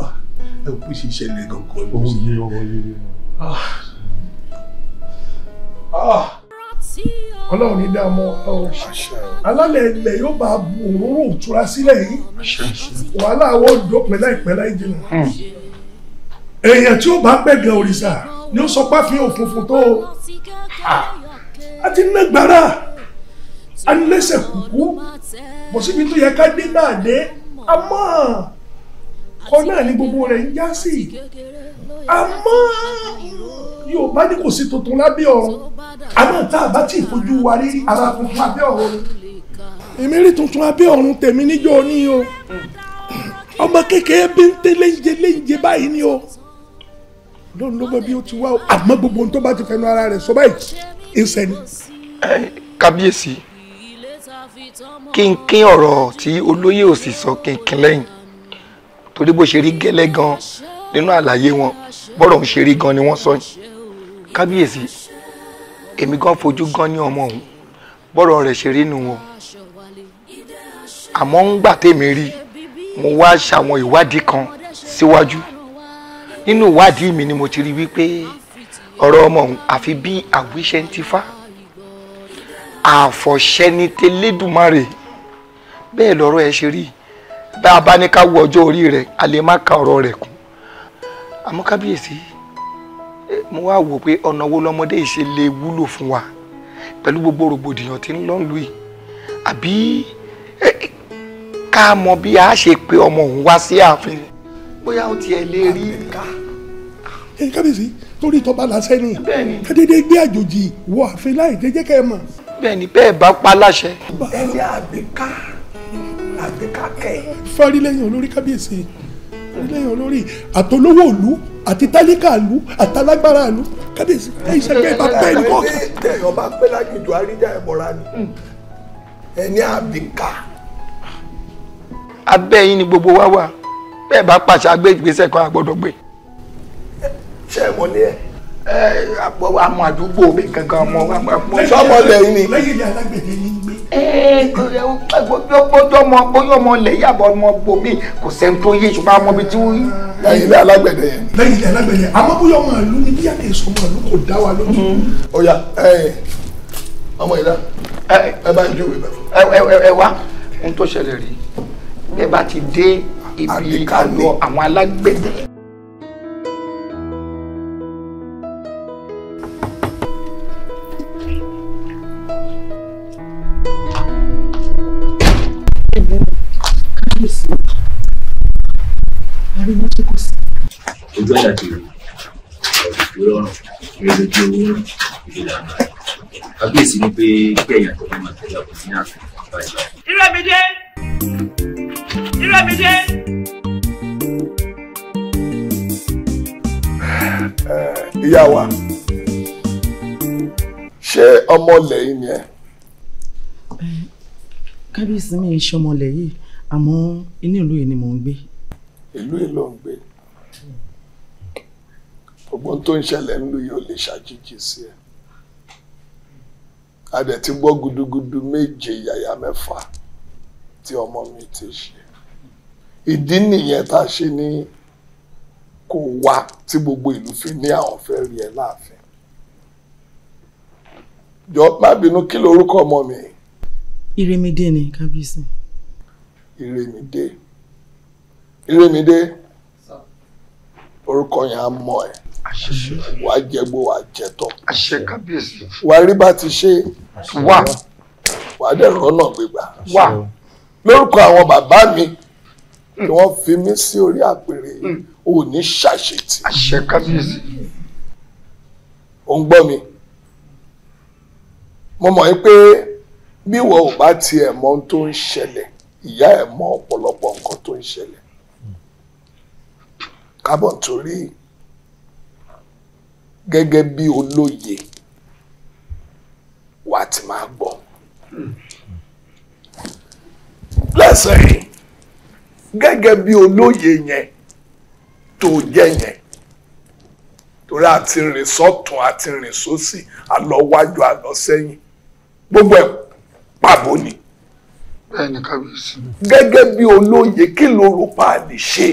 ah. Ẹ kú sí ìṣẹ̀lẹ̀ gangan oh, oh, Ah, ah. yé ọwọ́ yé ah. Ah, ní dá mọ́ ọ. Alálẹ̀ ilẹ̀ yóò bá bu Ah, òtura sílẹ̀ yìí. Wàhálà àwọn òdòpin láìpẹ́ láì jìnà. Hmm. Èèyàn tí ó bá gbẹ̀gàn òrìṣà ni ó sọ páfín òfurufú Ah. A ti nágbára alẹ́sẹ̀ kúkú tó yẹ ká dé náà dé àmọ́ kọ́ náà ní gbogbo rẹ̀ ń já sí àmọ́ yorùbá ní kò sí tuntun lábẹ́ ọ̀run àmọ́ tá a bá tí ì fojú wa rí ara tuntun abẹ́ ọ̀run èmi rí tuntun abẹ́ ọ̀run tèmi níjọ́ ní o ọmọ kékeré bí ń tẹ́ léńjẹ léńjẹ báyìí ni o lóun ló mọ bí ó ti wá o àmọ́ gbogbo ohun tó bá ti fẹnu ara rẹ̀ sọ báyìí ń sẹ́ni. kábíyèsí kí n kín ọ̀rọ̀ tí olóyè ò sì sọ kí n kín lẹ́yìn torí bó ṣe rí gẹ́lẹ́ gan nínú àlàyé wọn bọ́rọ̀ ń ṣe rí gan ni wọ́n sọ yìí kábíyèsí èmi gan fojú gan ní ọmọ òun bọ́rọ̀ rẹ̀ ṣe rí nu wọn àmọ́ ń gbà tèmi rí mo wá ṣàwọn ìwádìí kan síwájú nínú ìwádìí mi ni mo ti rí wípé ọ̀rọ̀ ọmọ òun àfi bí àwíṣẹ́ ń ti fá àfọ̀ṣẹ́ni tẹlẹ́dùmarè bẹ́ẹ̀ lọ́rọ̀ ẹ ṣe rí bá a bá ní ká wo ọjọ́ orí rẹ̀ a lè má ka ọ̀rọ̀ rẹ̀ kún àmọ́ kábíyèsí mo wá wò pé ọ̀nà wo lọ́mọdé ìṣe lè wúlò fún wa pẹ̀lú gbogbo rògbòdìyàn tí ń lọ ń lù yìí àbí ká mọ bí a ṣe pé ọmọ òun wá sí ààfin bóyá ó tiẹ̀ lè rí ẹ kábíyèsí lórí ìtọ́ba làṣẹ ni kádédé gbé àjòjì wọ ààfin láì jẹ́jẹ́ kẹ́ ẹ mọ̀ bẹ́ẹ̀ ni bẹ́ẹ̀ bá pa láṣẹ. ẹni àgbéká àgbéká kẹ. farilẹ́yìn olórí kábíyèsí farilẹ́yìn olórí àtolówó òlu àti tálíkà ìlú àtàlágbára ìlú kábíyèsí ẹ̀yìn sẹ́kẹ́ bá pẹ́ hmm. ẹni kọ́ọ̀kan. tẹ̀yọ̀ bá pẹ́ lágbèjọ àríjà ẹ̀bọ̀ra ni ẹni àbíká. abẹ́ ni gbogbo wa wà bẹ́ẹ̀ bá pàṣẹ agbé kan àgbọ̀dọ̀ ṣé ẹ wọlé ẹ àmọ́ àdúgbò mi kankan mọ́ sọ́mọ lẹ́yìn ni. lẹ́yìn ni alágbèdè yín gbé. bóyá ọmọ bóyá ọmọ lẹ́yìn àbọ̀ ọmọ bomi kò yẹn. lẹ́yìn ni alágbèdè yẹn bóyá ọmọ ìlú ni bí yàtọ̀ èso ìlú kò dá wa lójú. ọ̀ya mm-hmm. ọmọ ìlà ẹ bá ìjú ìbẹ̀ ẹ wá ohun tó ṣẹlẹ̀ rí bí bá ti dé ibi àlọ́ àwọn alágbèdè. ìrèlójú owó ìlànà kábíyèsí ni pé kí ẹ̀yà tó máa tẹ̀lé ọkọ̀ sí àfihàn ìbájá. ìrọ̀mìdé ìrọ̀mìdé. ìyá wa ṣé ọmọlẹ̀ yìí ni ẹ. Eh, kábíyèsí mi ń ṣọmọlẹ̀ yìí àmọ́ inú ìlú yìí ni mò ń gbé. ìlú yìí ló ń gbé ọgbọ́n tó ń ṣẹlẹ̀ ń lu yóò lè ṣàjèjì sí ẹ a dẹ̀ ti gbọ́ gudugudu méje yàyà mẹ́fà tí ọmọ mi ti ṣe ìdí nìyẹn tá a ṣe ní kó wá tí gbogbo ìlú fi ní àwọn fẹ́ rí ẹ láàfin jọ má bínú kí lorúkọ ọmọ mi. Ìrèmídé ni kábíyèsí. Ìrèmídé Ìrèmídé orúkọ yẹn á mọ ẹ wà á jẹ gbó wà á jẹ tọ wà á rí bá ti ṣe wà wà á dẹ̀ rọ́nà gbégbá wà lórúkọ àwọn bàbá mi ni mm. wọ́n fi mí sí orí àpèrè mm. ò ní ṣàṣetì. àṣẹ kábíyèsí. ò ń gbọ́ mi mo mọ̀ pé bí ìwọ ò bá tiẹ̀ mọ ohun tó ń ṣẹlẹ̀ ìyá ẹ̀ mọ ọ̀pọ̀lọpọ̀ nǹkan tó ń ṣẹlẹ̀ mm. kábọ̀ nítorí gẹ́gẹ́ bí olóye wàá ti máa gbọ́. lẹ́sẹ̀ yìí gẹ́gẹ́ bí olóye yẹn tó jẹ́ yẹn torí a ti rìn sọ́tún a ti rìn sósì a lọ wájú a lọ sẹ́yìn gbogbo ẹ̀ pàbó ni. bẹ́ẹ̀ni kábíyèsí. gẹ́gẹ́ bí olóye kí ló rò pa lè ṣe.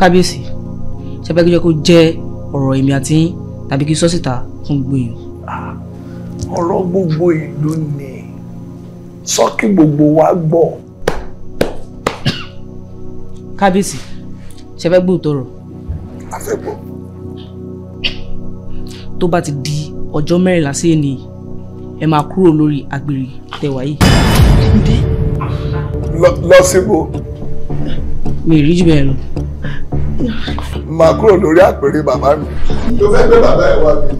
kábíyèsí ṣe fẹ́ kí jẹ́ kó jẹ́ ọ̀rọ̀ èmi àti yín tàbí kí sọ́sìta fún gbogbo yìí. ọ̀rọ̀ gbogbo ìlú ni sọ kí gbogbo wa gbọ́. kábíyèsí ṣe fẹ́ gbọ́ òtòrò. a fẹ́ gbọ́. tó bá ti di ọjọ́ mẹ́rìnlá sí ènìyàn ẹ máa kúrò lórí agbèrè tẹwà yìí. lọ síbò. mi ì rí jù bẹ́ẹ̀ lọ máa kúrò lórí àpèrè bàbá mi. tó fẹ́ gbé bàbá ẹ̀ wá mi.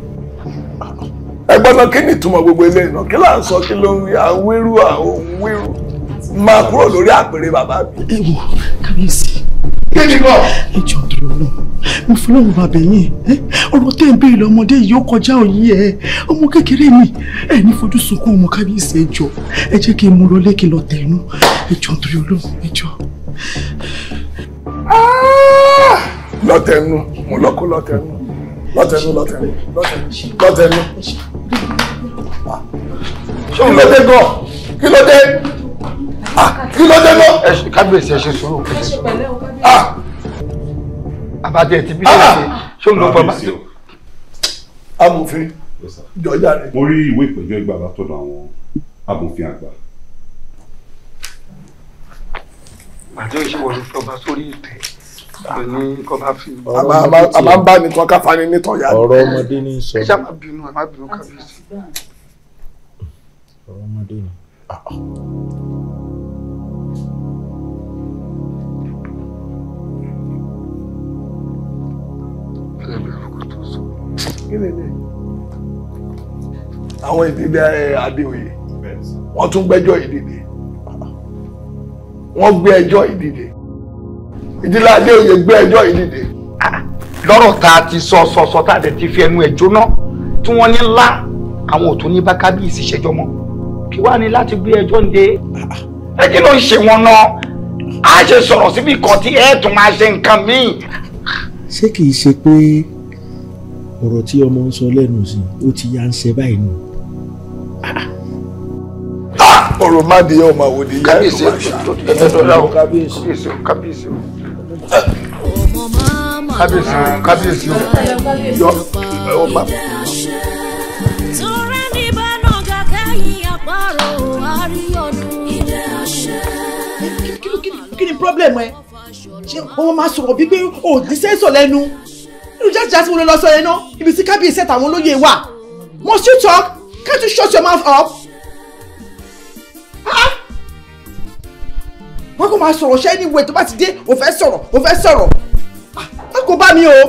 ẹgbọ́n náà kí ni ìtumọ̀ gbogbo ilé iná kí là ń sọ kí ló ń rí àwérú àwọn wérú máa kúrò lórí àpèrè bàbá mi. ewu kábíyèsí. kí ni kọ́. ẹ jọ dúró náà mo fi lóhùn bàbá yín ọ̀rọ̀ tẹ́ ń béèrè ọmọdé yìí ó kọjá òye ẹ ọmọ kékeré mi ẹ ní fojú sunkún ọmọ kábíyèsí ẹ ẹ jẹ́ kí n mú lọ lẹ́kìn lọ tẹ̀nu ẹ jọ nítorí Ọlọ́run ẹ lọ́tẹ̀nu mo lọ́kọ́ lọ́tẹ̀nu lọ́tẹ̀nu lọ́tẹ̀nu lọ́tẹ̀nu. ṣé kí ló dé gan kí ló dé ah, kí ló dé gan. kábíyèsí ẹ ṣe sùúrù ah! àbájá ẹ ti bí ẹ ṣe ah! ṣé òun ló fọ bá. amòfin jọjá rẹ. mo rí ìwé ìpẹ̀jọ́ ìgbà látọ̀dọ̀ àwọn amòfin àgbà. àjọ ìṣèwọ̀n ló fọba sórí ìtẹ́ ẹ̀yin kọ́ bá fi. a máa ń bá nìkan ká fani nítọ̀ yá. ọ̀rọ̀ ọmọdé ní sọ. ẹ ṣáà má bínú ẹ má bínú kábíyèsí. ọ̀rọ̀ ọmọdé ni. Ah, ah. àwọn ìdílé adéoyè wọ́n tún gbẹ́jọ́ ìdílé ah, wọ́n gbé ẹjọ́ ìdílé ìdílé adéoyè gbé ẹjọ́ ìdìde. Ah, lọ́rọ̀ tá a ti sọ sọ sọ tá a dẹ̀ ti fi ẹnu ẹ̀ jóná tí wọ́n ní ńlá àwọn ò tún ní bá kábíyèsí ṣẹjọ́ mọ́ kí wàá ní láti gbé ẹjọ́ ń de ẹ kí ló ń ṣe wọn náà a ṣe sọ̀rọ̀ síbi kan tí ẹ tún máa ṣe nǹkan míì. ṣé kì í ṣe pé ọ̀rọ̀ tí ọmọ ń sọ lẹ́nu sí ó ti yá ń ṣe báyìí nù. Ah! ọ̀rọ̀ má di ọmọ àwòdì yá ẹ̀ tó máa ṣe. kábíyèsí o kábíyèsí o kábíyèsí o kábíyèsí o kábíyèsí o yọ ọba. torí ní problem ẹ ṣé wọn máa sọ̀rọ̀ bíi pé o ní sẹ́ńsọ̀ lẹ́nu nínú jáde-jáde mo lọ lọ sọ yẹn náà ibi tí kábíyèsí àtàwọn olóyè wà must you talk can't you shut your mouth up. Ah! wọ́n kò máa sọ̀rọ̀ ṣẹ́ ní ìwé tó bá ti dé ò fẹ́ sọ̀rọ̀ ò fẹ́ sọ̀rọ̀ ah, má kò bá mi o.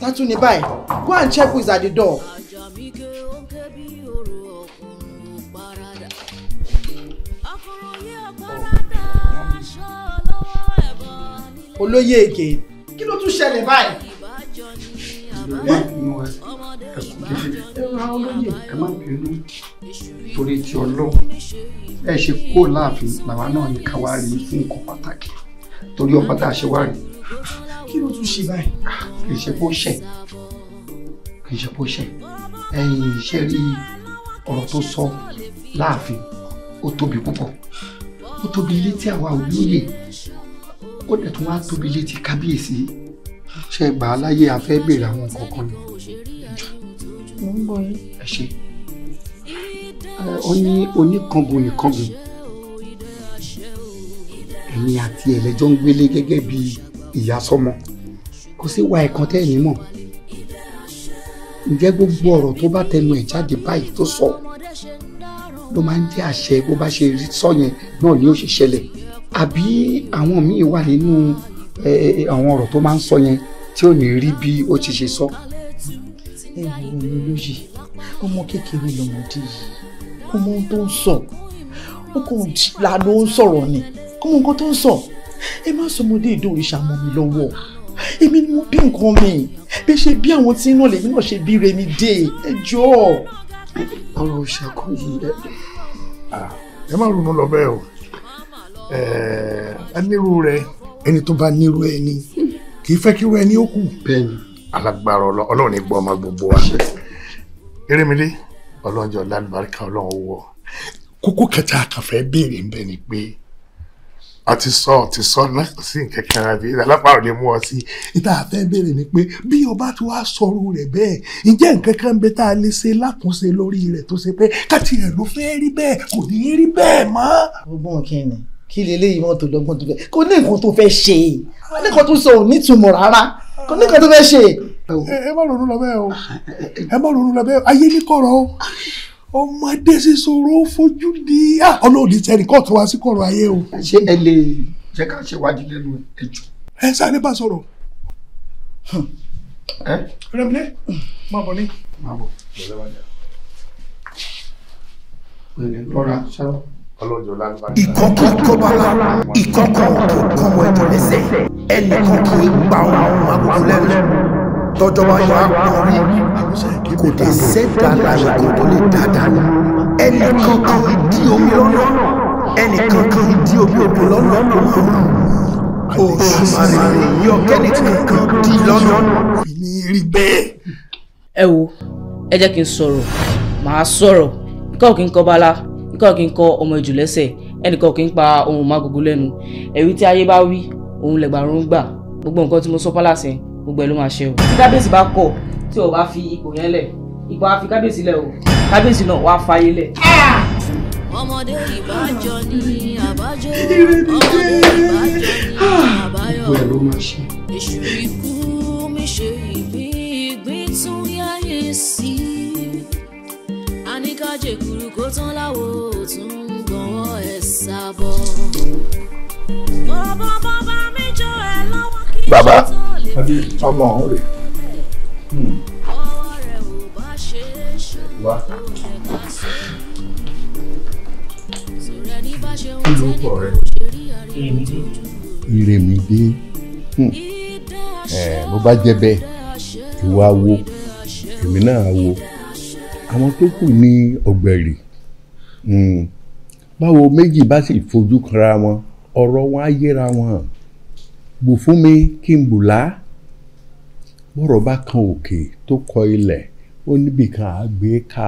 tatu ni báyìí go and check who is at the door. olóyè èké kí ló tún ṣẹlẹ̀ báyìí. ẹ má bínú torí ti ọlọ́run ẹ ṣe kó láàfin làwa náà ní ká wá rí fún nǹkan pàtàkì torí ọba tá a ṣe wá rí. kí ló tún ṣe báyìí. kì í ṣe kó ṣẹ̀ kì í ṣe kó ṣẹ̀ ẹ̀yin iṣẹ́ rí ọ̀rọ̀ tó sọ láàfin ó tóbi púpọ̀ ó tóbi létí àwa olóyè ó dẹ̀ tún wá tóbi létí kábíyèsí ṣe gbà á láyé afẹ́ béèrè àwọn kọ̀ọ̀kan ni. mo ń gbọ́ yín. ẹ ṣe ọ ní oníkangun nìkangun ẹ̀yin àti ẹ̀lẹ́jọ́ ń gbélé gẹ́gẹ́ bí ìyá sọmọ kò sí wa ẹ̀kan tẹ́ ẹ̀yin mọ̀ ǹjẹ́ gbogbo ọ̀rọ̀ tó bá tẹnu ẹ̀ jáde báyìí tó sọ ló máa ń jẹ́ àṣẹ bó bá ṣe sọ yẹn náà ni ó ṣe ṣẹlẹ̀ àbí àwọn míì wà nínú àwọn ọ̀rọ̀ tó máa ń sọ yẹn tí ò ní rí bí ó ti ṣe sọ. ẹ wo olóyè ọmọ kékeré lọmọdé yìí kò mọ ohun tó ń sọ ó kò jìlá ló ń sọ̀rọ̀ ni kò mọ nǹkan tó ń sọ ẹ má sọ ọmọdé èdè òrìṣà mọ́ mi lọ́wọ́ èmi ni mo bí nǹkan mi bí ṣe bí àwọn tí náà lèmi náà ṣe bí remi dé ẹ jọ. ọ̀rọ̀ òṣàkó yìí ẹ má ronú lọ bẹ́ẹ̀ o ẹ nírú rẹ ẹni tó bá nírú ẹni kì í fẹ́ kí irú ẹni ó kù. bẹ́ẹ̀ni alágbára Ọlọ́run ní gbọ́ gbogbo wa. erémilé ọlọ́njọ́ lálùbáríkà ọlọ́run owó kókó kẹta àkànfẹ́ béèrè ń bẹ ni pé àti sọ ọtí sọ náà sí kankan àti ìdálápá ò lè mú ọ sí ìta àfẹ́ béèrè ni pé bí ọba tí wàá sọ̀rọ̀ rẹ̀ bẹ́ẹ̀ ǹjẹ́ nǹkan kan bẹ tá a lè ṣe lákùnṣe lórí rẹ̀ tó ṣe pé káti rẹ̀ ló fẹ́ rí bẹ́ẹ̀ kò ní rí bẹ́ẹ̀ mọ́. ọgbọ́n kìíní kí lélẹ́yìí mọ́tò lọ́gbọ́n tó fẹ́ kó ní nǹkan tó fẹ́ ṣe é wọ́n ní nǹkan tó sọ ò nítumọ̀ rárá kò ní kan tó fẹ́ ṣe. ẹ má ronú lọ bẹ́ẹ̀ o ẹ má ronú lọ bẹ́ẹ̀ ayé ní kọ̀rọ̀ o ọmọdé sísọ̀rọ̀ ó fojú di ọlọ́ọ̀dì tẹ̀rí kọ́ọ̀tù wá sí kọ̀rọ̀ ayé o. ṣé ẹ lè jẹ́ ká ṣèwádìí lẹ́nu ẹ̀ jù. ẹ sáré bá sọ̀rọ̀. ẹ rẹ́mi máa bọ̀ ní. máa bọ̀ lọ́la wájà. lọ́ra ṣáró ìkọ́kọ́ kọ́bala ìkọ́kọ́ kò kọ́mọ ẹ̀jọ̀ lẹ́sẹ̀ ẹnìkan kì í pa ọmọ àgùkù lẹ́nu tọ́jọba yọ àpọ̀rí kò dé sẹ́dá lára kò tó lè dáadáa ẹnìkan kì í di omi lọ́nà ẹnìkan kì í di omi òkú lọ́nà tó máa ń lò òṣùmàrè yìí di lọ́nà ní rí bẹ́ẹ̀. ẹ wo ẹ jẹ́ kí n sọ̀rọ̀ màá sọ̀rọ̀ nǹkan ò kí n kọ́bala ikọ̀ kì í kọ ọmọ ìjù lẹ́sẹ̀ ẹnìkan kì í pa ohun mágogo lẹ́nu ẹ̀rí tí ayé bá wí òun lẹ̀gbà gbà gbogbo nǹkan tí mo sọ pálásẹ̀ gbogbo ẹ̀ ló máa ṣe o. tí kábíyèsí bá kọ̀ tí o bá fi ipò yẹn lẹ̀ ipò á fi kábíyèsí lẹ̀ o kábíyèsí náà wàá fàyè lẹ̀. ọmọdé ìbájọ ni àbájọ ọmọdé ìbájọ ni àbáyọ èṣù ikú jèkúrú kó tán láwo tún gbọ̀nwọ́ ẹ̀ sábọ̀. bọ́bọ́ bọ́bá mi jọ ẹ lọ́wọ́ kí n tó lè fi ọmọ ọ̀hún rè. Hmm. ọwọ́ rẹ̀ ò bá ṣe é ṣe ó lè bá sọ̀rọ̀ ní bá ṣe ohun tẹ́lẹ̀ kò ṣe rí ariwo tó jù. Ìrèmídé bó bá jẹ bẹ́ẹ̀ ìwà wo èmi náà wo àwọn tó kù ní ọ̀gbẹ̀rì hmm, báwo méjì bá sì fojú kanra wọn ọ̀rọ̀ wọn á yẹra wọn bù fún mi kí n bù lá bọ́rọ̀ bá kan òkè tó kọ ilẹ̀ ó níbì kan á gbé ká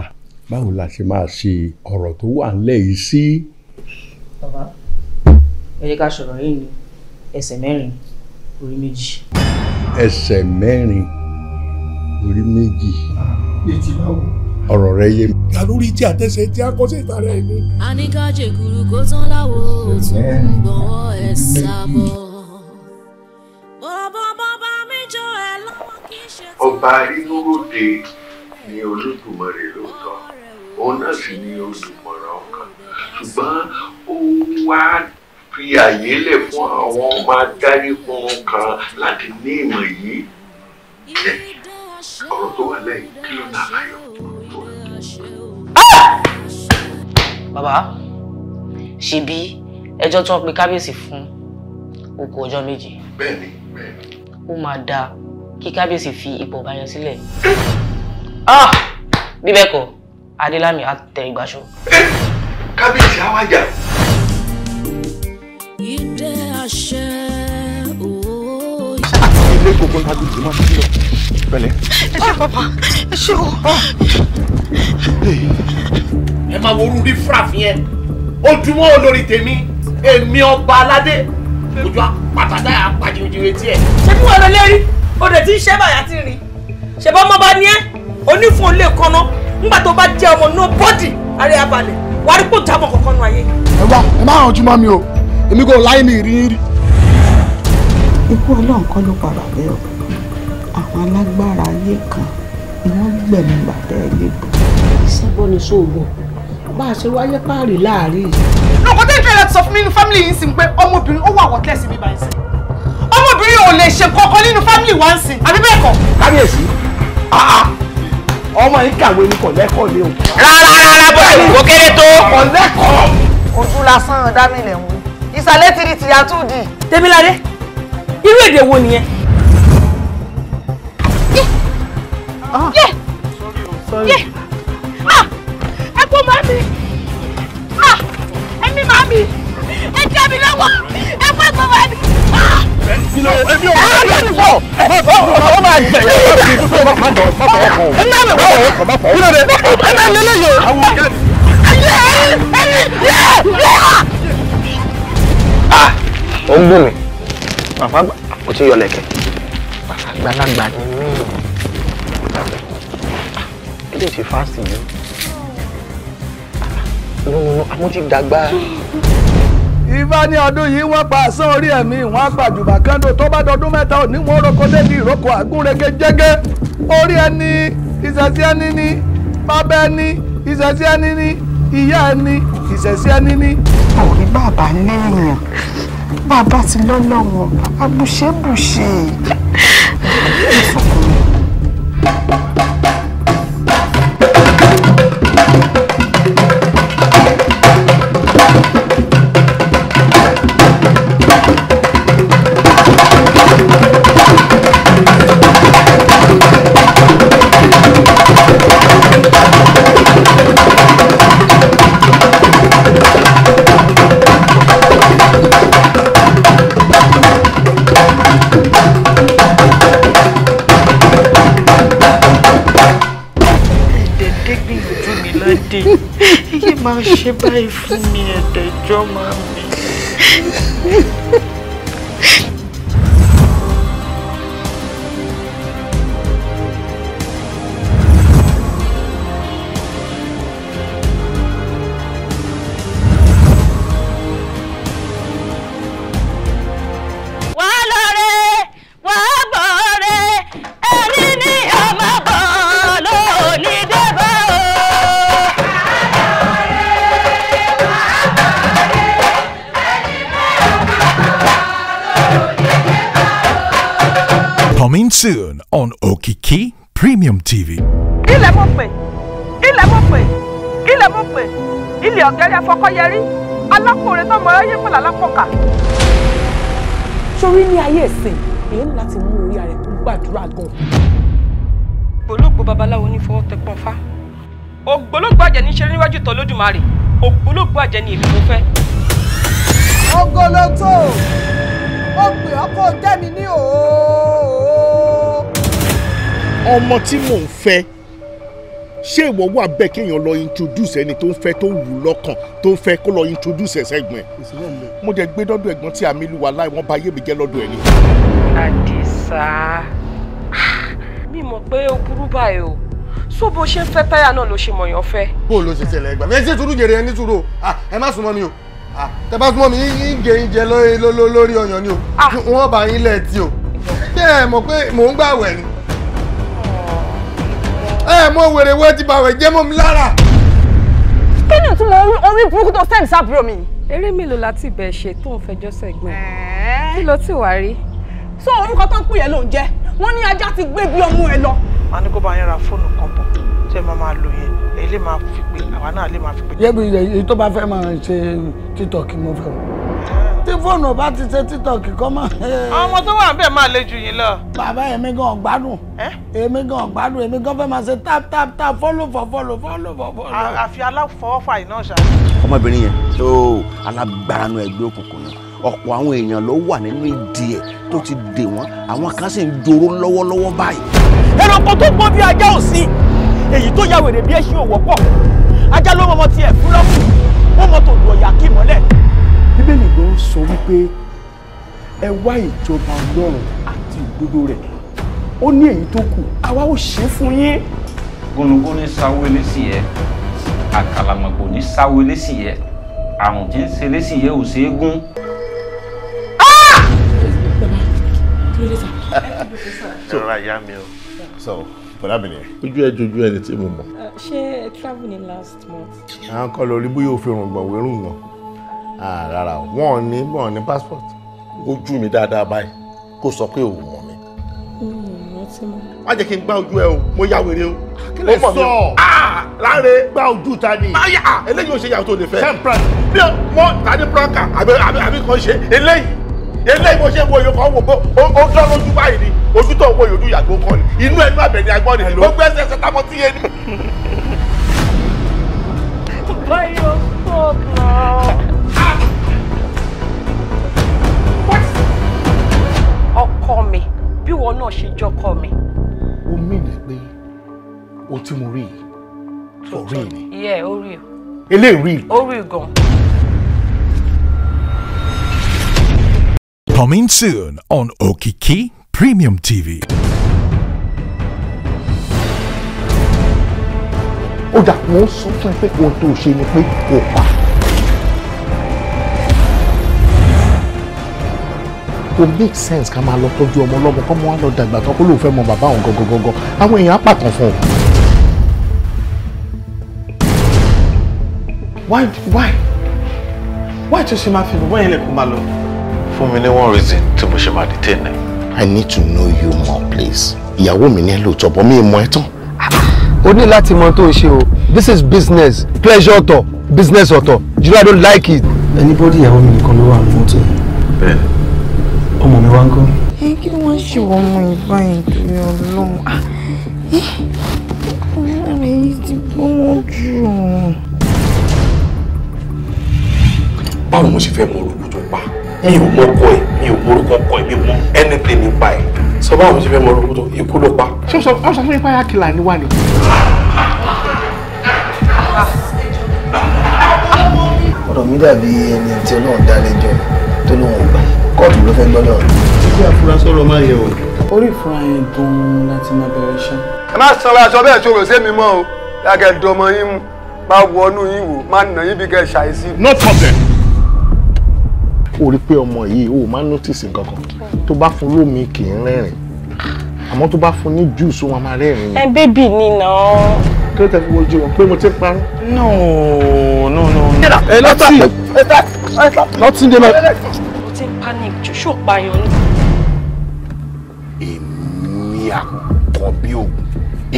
báwo la ṣe máa ṣe ọ̀rọ̀ tó wà ńlẹ̀ yìí sí. bàbá ẹ jẹ́ ká sọ̀rọ̀ yìí ní ẹsẹ̀ mẹ́rin orí méjì. ẹsẹ̀ mẹ́rin orí méjì. ètí báwo ọ̀rọ̀ rẹ yé mi. ìyá lórí tí àtẹ̀sẹ̀ tí a kọ́ sí ìta rẹ̀ ni. a ní ká jèkúrú kó tán láwo òtún gbọ́wọ́ ẹ̀ sábọ̀. bọ̀bọ̀ bọ́bá mi jọ ẹ̀ lọ́wọ́ kì í ṣe. ọba inúròde ni Olódùmarè lóòótọ́ òun náà sì ni olùmọ̀ràn ọkàn ṣùgbọ́n ó wá fi àyè lẹ̀ fún àwọn ọmọ adarí kan kan láti ní ìmọ̀ yìí ọ̀rọ̀ tó wà lẹ́yìn kí ló nà láyọ̀. bàbá ṣebí ẹjọ́ tó ń pe kábíyèsí fún oko ọjọ́ méje. bẹ́ẹ̀ni bẹ́ẹ̀ni. ó máa dáa kí kábíyèsí fi ipò ọba yẹn sílẹ̀. Eh! Ah! bí bẹ́ẹ̀ kọ́ adélámì á tẹ ìgbàṣọ. Eh! kábíyèsí á wá jà. ilé àṣẹ òòyì. ilé gbogbo kábíyèsí máa ń sílẹ̀ pẹ̀lẹ́. ẹ ṣe bàbá ẹ ṣe o. Ah. ẹ máa worú rí fúrafin yẹn ojúmọ́ olórí tèmi èmi ọba aládé ojú apàtàdá apàjìwìjìwì tiẹ̀. ṣé bí wọn lọ lérí o lè ti ń ṣe báyà tí rìn ṣèbá ọmọ bá ní ẹ onífun olè kanna nígbà tó bá jẹ ọmọ náà bọ́dì àrẹ abalẹ̀ wàá rí kó jábọ̀ kankan nù ayé. ẹ wá ẹ má ràn jùmọ̀ mi o èmi kò láyé mi rí rí. ikú ọlọ́run kọ́ ló pa bàbá ẹ̀ o àwọn alágbára ayé kan ni wọ́n gbẹ̀mí bàtà ẹlẹ́gbọ̀n. ìṣẹ́gbọ́n ni sóògbọ́ bá a ṣe wáyé páàrí láàárín. àwọn tẹ́lifíà láti sọ fún mi nínú fámìlì yìí sí pé ọmọbìnrin ó wà wọ́tẹ́sì mi báyìí sí ọmọbìnrin ò lè ṣe kankan nínú fámìlì wa ń sìn àbí bẹ́ẹ̀ kọ́. kábíyèsí ah, ah. ọmọ yìí kàwé ní kò lẹ́kọ̀ọ́ lé o. rárá rárá bó ṣe kò kéré tó. kò lẹ́kọ̀ọ́. ojú lásán dámìlẹ̀ wù ìsàlẹ̀ tìrìtìyà tù dì. tèmílàdé irú èdè wo nìyẹn yé yé ẹ kú mọ́ mi ẹ̀mí mọ́ mi ẹ jẹ́ mi lọ́wọ́ ẹ fẹ́ gbọ́ mọ́ mi. Èmi ò máa bẹ̀rẹ̀ fọ́ ọmọ ọmọ máa jẹ ẹ̀ má bọ̀ ọ́ má bọ̀ ọ́ kọ̀ ọ́ má bọ̀ ọ́ kọ̀ má bọ̀ ọ́ kí ló dé ẹ má lé lẹ́yìn o. ó ń gbọ́ mi bàbá kò tí yọ lẹ̀kẹ̀ bàbá àgbàlagbà ni ó dẹ̀ ṣe fásitì yìí lọ́nà àmọ́ ti dàgbà. ifá ní ọdún yìí wọ́n pa àsán orí ẹ̀mí wọ́n á gbàjùbà kando tó bá dọdún mẹ́ta òní wọ́n roko débi ìrókò àgúnrege jẹ́gẹ́ orí ẹni ìṣẹ̀sí ẹni ní bàbá ẹni ìṣẹ̀sí ẹni ní ìyá ẹni ìṣẹ̀sí ẹni ní. orí bàbá lẹ́yìn bàbá ti lọ́lọ́wọ́ bàbá bùṣẹ́bùṣẹ́. máa ṣe báyìí fún mi ẹ̀dẹ̀jọ́ máa mi. soon on Okiki Premium TV. ilẹ̀ mo pè ilẹ̀ mo pè ilẹ̀ mo pè ilẹ̀ ọ̀gẹ́rẹ́ afọkọ́yẹrí alákùnrin tó mọ ẹyẹ fúnlá lápọ̀kà. sórí ní ayé ìsìn èyí ní láti mú orí rẹ̀ kó gbàdúrà gan. ògbólógbò babaláwo ní fọwọ́ tẹ pọ́nfá ògbólógbò àjẹ́ ṣe níwájú tó lódùmarè ògbólógbò àjẹ́ èmi mo fẹ́. ogoloto ó pè ọ́ kó ní òó ọmọ tí mò ń fẹ́ ṣé ìwọ wà bẹ́ẹ̀ kéèyàn lọ introduce ẹni tó ń fẹ́ tó wù lọ́kàn tó ń fẹ́ kó lọ introduce ẹ̀sẹ̀ gbọ̀n ẹ̀. mo jẹ́ gbé dọ́dọ̀ ẹ̀gbọ́n tí àmì láì wọ́n bá yé mi jẹ́ lọ́dọ̀ ẹ̀ ni. àdìsá mi mọ̀ pé ó burú báyìí o so bó ṣe ń fẹ́ táyà náà ló ṣe mọ̀yàn fẹ́. bó o ló ṣe ṣẹlẹ̀ ẹgbàá ẹ ṣe sùúrù jèrè ẹni sùúrù ah, ẹ má súnmọ́ mi o ah, tẹ bá súnmọ́ mi ìjẹ ìjẹ lórí ọyàn ni o ah. wọ́n bá yín lẹ́ẹ̀tì o bẹ́ẹ̀ mọ̀ pé mò ń gbàwẹ̀ ni ẹ mọ wèrè wẹ́ ti bàwẹ̀ jẹ́ mọ́ mi lára. kí ni ìtumọ̀ orí burúkú tó sẹ́ǹd sábúrò mi. eré mélòó la ti bẹ̀ ṣe tó ń fẹjọ́ sẹ́gbọ̀n kí ló ti wà rí. sọ orúkọ tó ń pè yẹn ló ń jẹ wọn ní ajá ti gbé bí ọmú ẹ lọ. a ní kó bá yẹn ra fóònù kan bọ̀ tẹ́ máa máa lò yẹn èyí lè máa fi pé àwa náà lè máa fi pé. yẹ́bi èyí tó bá fẹ́ máa ṣe títọ̀ kí mo fẹ́ o fóònù bá ti ṣe títọ̀kì kọ́ mọ́. ọmọ tó wà bẹ́ẹ̀ máa le jù yín lọ. bàbá èmi gan ọ̀gbádùn èmi gan ọ̀gbádùn èmi gan fẹ́ máa ṣe tap tap tap follow for follow follow for follow. àfi aláfọwọ́fà iná ṣá. ọmọbìnrin yẹn tó alágbára ẹgbẹ́ òkùnkùn náà ọ̀pọ̀ àwọn èèyàn ló wà nínú ìdí ẹ̀ tó ti dè wọ́n àwọn kan sì ń joró lọ́wọ́lọ́wọ́ báyìí. ẹranko tó gbọ́n bí ajá òsín èyí tó ya wèrè bí ẹṣin òwò pọ̀ ajá ló mọ tiẹ̀ fúnlọ́mù ó mọ tòdù ọ̀yà kí mọ́lẹ̀ bíbélì ló sọ wípé ẹ wá ìjọba ọlọ́run àti òdodo rẹ̀ ó ní èyí tó kù àwa ó ṣe é fún yín. gúnugún ní sáwó lẹ́sì yẹ àkàlàmọ̀gbò ní sáwó lẹ́sì yẹ àrùn tí ń ṣe lẹ́sì yẹ ò ṣeé gún. sọ̀rọ̀ àyà mi o. so bọ̀dá mi nìyẹn. ojú ẹ jojú ẹni tí mo mọ̀. ṣé travel ni last month. àwọn kan lọ rí bóyá òfin rùngbọ̀n wẹ́rùngbọ̀n. Ah, rárá wọn ò ní wọn ò ní passport ojú mi dáadáa báyìí kó sọ pé òun mọ̀ mi. Hmm, má jẹ́ kí n gbá ojú ẹ o mo ya wèrè o ah, ó mọ̀ mi o ah, láre gbá ojú ta ni. máyà eléyìí ò ṣe ìyàwó tó lè fẹ́. sẹ́ńpra mi ò mọ tani pranka àbí àbí kan ṣe eléyìí eléyìí mo ṣe wo ìyókò ọwọ́ bó ó dán lójú báyìí ni ojú tó wo ìyókù yàgò kan ni inú ẹnu àbẹ̀ni agbọ́n ni gbogbo ẹsẹ̀ ẹsẹ̀ tábọ̀ tí yé ni. báyọ̀ fọ́ọ̀kì náà. me. bí ìwọ náà ṣe jọkọ mi. ó mìíràn pé o tí mo rí i ò rí ni. yẹ ó rí rí ó rí Coming soon on Okiki Premium TV. sọ fún pé tó ṣe ni pé pa. kò make sense ká máa lọ tọ́jú ọmọ ọlọ́mọ kọ́ mọ́ wá lọ dàgbà tó kó lóò fẹ́ mọ bàbá òun gọ́gọ́gọ́gọ́ àwọn èèyàn á pàtàn fún un. why why why tó ṣe máa fi bọ́ yẹn lè kó máa lọ. fún mi ní one reason tí mo ṣe máa detain ẹ. I need to know you more please. ìyàwó mi ní ẹ lóòótọ́ bọ́ mi ì mọ ẹ tán. o ní láti mọ tó o ṣe o this is business pleasure ọ̀tọ̀ business ọ̀tọ̀ you know I don't like it. anybody ìyàwó mi nìkan ló wà ní mọ́tò yìí. bẹ́ẹ̀ni ọmọ mi wá ń kọ́. ẹ kí ló wọ́n ṣe wọ́n mọ ìbá yẹn torí ọlọ́run ah, ọmọ rẹ̀ yìí ti gbọ́mọ jù ọ́. báwo mo ṣe fẹ́ mọ orúkọ tó pa mi ò mọ ọkọ ẹ mi ò mọ orúkọ ọkọ ẹ mi ò mọ anything nípa ẹ sọ báwo mo ṣe fẹ́ mọ orúkọ tó ikú ló pa. ṣé o sọ fún mi pé ayákìlá ni wà ní. ọ̀rọ̀ mi dàbí ẹni tí ọlọ́run dá lẹ́jọ́ tó lóun gbà kóòtù ló fẹ́ gbọ́dọ̀. ṣé àfúrásọ ọ̀rọ̀ máa yẹ o. orí ìfura yẹn gan-an láti máa bẹ̀rẹ̀ iṣẹ́. ẹ má sanra aṣọ bẹ́ẹ̀ ṣòro sí mi mọ́ o lákẹ́ dọmọ yín mu máa wọnú yín wò máa nà yín bí kẹ́ ẹ ṣàìsí. no problem. o rí pé ọmọ yìí o máa notice nǹkan tó bá fún lómi kì í rẹ́rìn àmọ́ tó bá fún ní juice wọn máa rẹ́rìn. ẹ bébì ni nà ọ́. kí ló tẹ fi wojú wọn pé mo ti parọ́. no no no. ẹ lọ́tì ẹ lọ́tì dé máa panic jù ṣó pààyàn ni. èmi àkọ́bí ògùn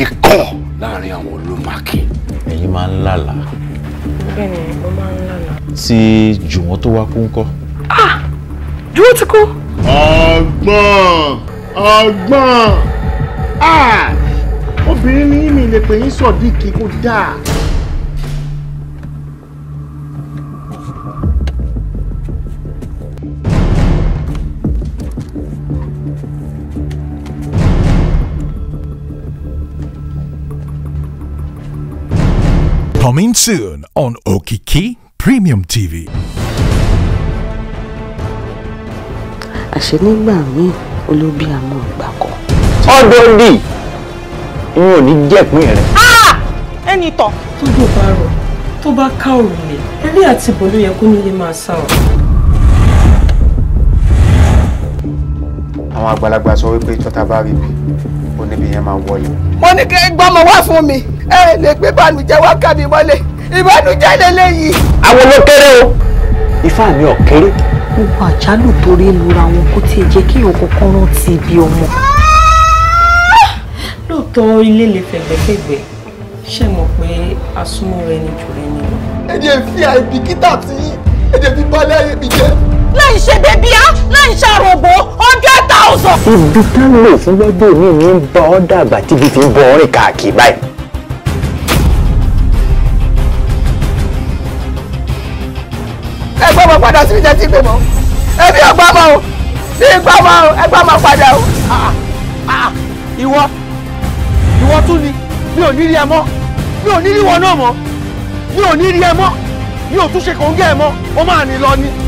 ikọ̀ láàrin àwọn olómàkì. ẹ̀yin máa ń lálà. bẹ́ẹ̀ ni máa ń lálà. tí jùwọ́n tó wá kú ń kọ́. ah jùwọ́n ti kú. ọgbọ́n ọgbọ́n ah obìnrin ní ìmìlẹ̀ pé yín sọ̀dí kí dáa. Coming soon on Okiki Premium TV. àṣẹ nígbà míì olóbi àmọ́ ìgbà kan. ọdọọdì n ò ní jẹ̀pín rẹ̀. Ah! ẹni tọ̀. tójú bá rọ tó bá ká òrùlé eré àti bòlú yẹ kó nílé máa sá ọ. àwọn àgbàlagbà sọ wípé tọ́ta bá rí bi ó níbi yẹn máa wọlé. mo ní kí n gbọ́mọ wá fún mi ẹ lè gbé ìbànújẹ́ wá ká mi mọ́lé ìbànújẹ́ àwọn ló kéré o ifá mi ò kéré. gbogbo àjálù torí lura wọn kó tiẹ̀ jẹ́ kí òkú kan rántí ibi ọmọ. lóòótọ́ ilé lè fẹ̀gbẹ́kẹ̀gbẹ́ ṣe mọ̀ pé asúnmọ́ rẹ ni jù rẹ ni. ẹ jẹ́ fi àìbìkítà tí ẹ jẹ́ fi balẹ̀ ayé láì ṣe bébíá láì ṣàròbó hundred thousand. ibi tá ń lò fún gbẹ́gbẹ́ mi ní ń bọ ọ́ dàgbà tí ibi fi ń bọ ọ́ rìn káàkiri báyìí. ẹgbẹ́ ọmọ padà sí ìjẹ́ tí gbé mọ́ ẹbí ọgbà mọ́ o bí ìgbà mọ́ o ẹgbẹ́ ọmọ padà o. ìwọ ìwọ tún ni mi ò ní rí ẹ mọ́ mi ò ní rí wọn náà mọ́ mi ò ní ẹ mọ́ mi ò tún ṣe kòńgẹ́ ẹ mọ́ ó máa ní lọ ni.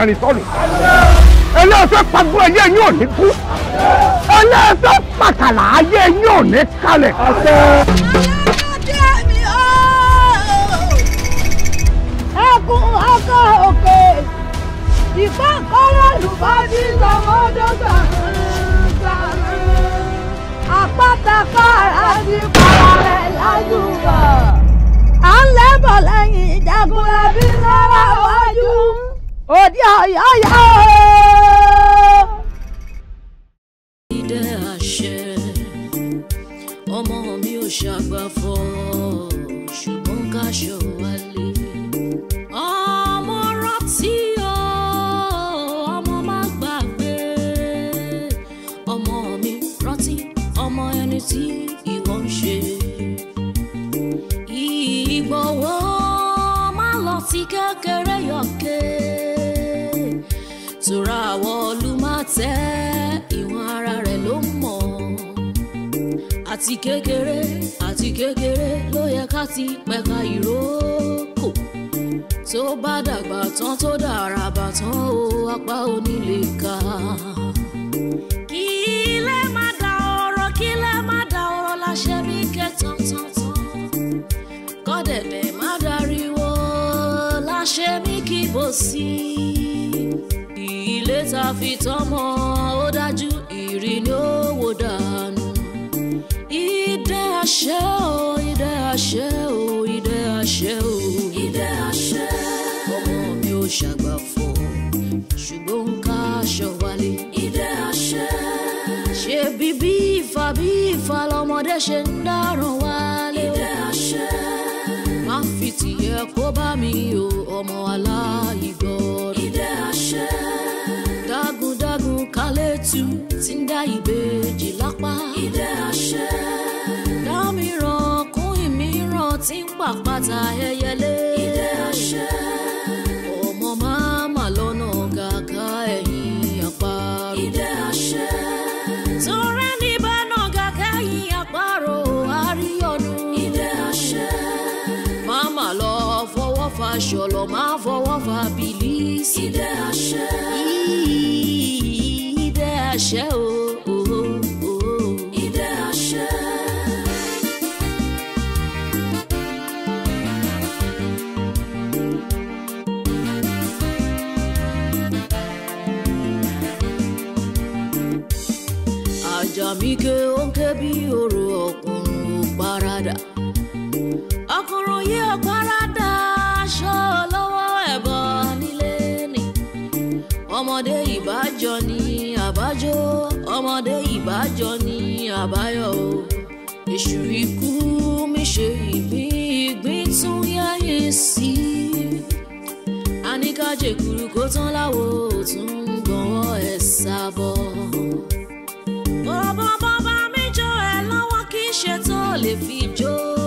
arìn sọnù ẹlẹ́ẹ̀fẹ́ pàgbọ́ ẹyẹ yín ò ní kú ẹlẹ́ẹ̀fẹ́ pàtàlà ayé yín ní kalẹ̀. ay ay ay. ìdẹ àṣẹ ọmọ mi ò ṣàgbàfọ̀ ṣùgbọ́n ká ṣọ̀rọ̀. àti kékeré àti kékeré ló yẹ ká ti pẹ̀ka ìrókò tó bá dàgbà tán tó dàrà bàtán o apá òní lè ka. kí lè má da ọ̀rọ̀ kí lè má da ọ̀rọ̀ láṣẹ bí kẹtàn tán tán kọ́dẹ̀dẹ̀ má dariwo láṣẹ mi kí bó sí ilé ta fi tọ́mọ ó dájú ìrìn ni ó wò dáa àṣẹ o idẹ àṣẹ o idẹ àṣẹ o idẹ àṣẹ ọmọ mi ò ṣàgbà fọ ṣùgbọ́n ń ká aṣọ wálé idẹ àṣẹ ṣe bíbí ìfà bí ìfà lọmọdé ṣe ń dáràn wálé idẹ àṣẹ má fi tìyẹ kó bá mi o ọmọ aláìgbọràn idẹ àṣẹ dágundágun kálẹ̀ tù tí ń dá ìbejì. tí ń pàpàtà ẹyẹlé. ilé àṣẹ. ọmọ máma lọ́nà kàkà ẹ̀yìn àparò. ilé àṣẹ. torí ní bánà kàkà ẹ̀yìn àparò àríyànnu. ilé àṣẹ. máma lọ fọwọ́ fa ṣọlọ máa fọwọ́ fa bìlísì. ilé àṣẹ. ilé àṣẹ o. ń ké bí orò ọkùnrin ò paradà ọkùnrin yìí ò paradà aṣọ lọ́wọ́ ẹbọ nílé ni ọmọdé ìbájọ ni àbájọ ọmọdé ìbájọ ni àbáyọ o èṣù ikú mi ṣe ìgbín ìgbín tún yáyé sí i àníkàjẹ kúrú kó tán láwo ò tún gbọ́wọ́ ẹ̀ sábọ̀. bọ́bọ́bọ́ níṣẹ́ tó lè fi jó.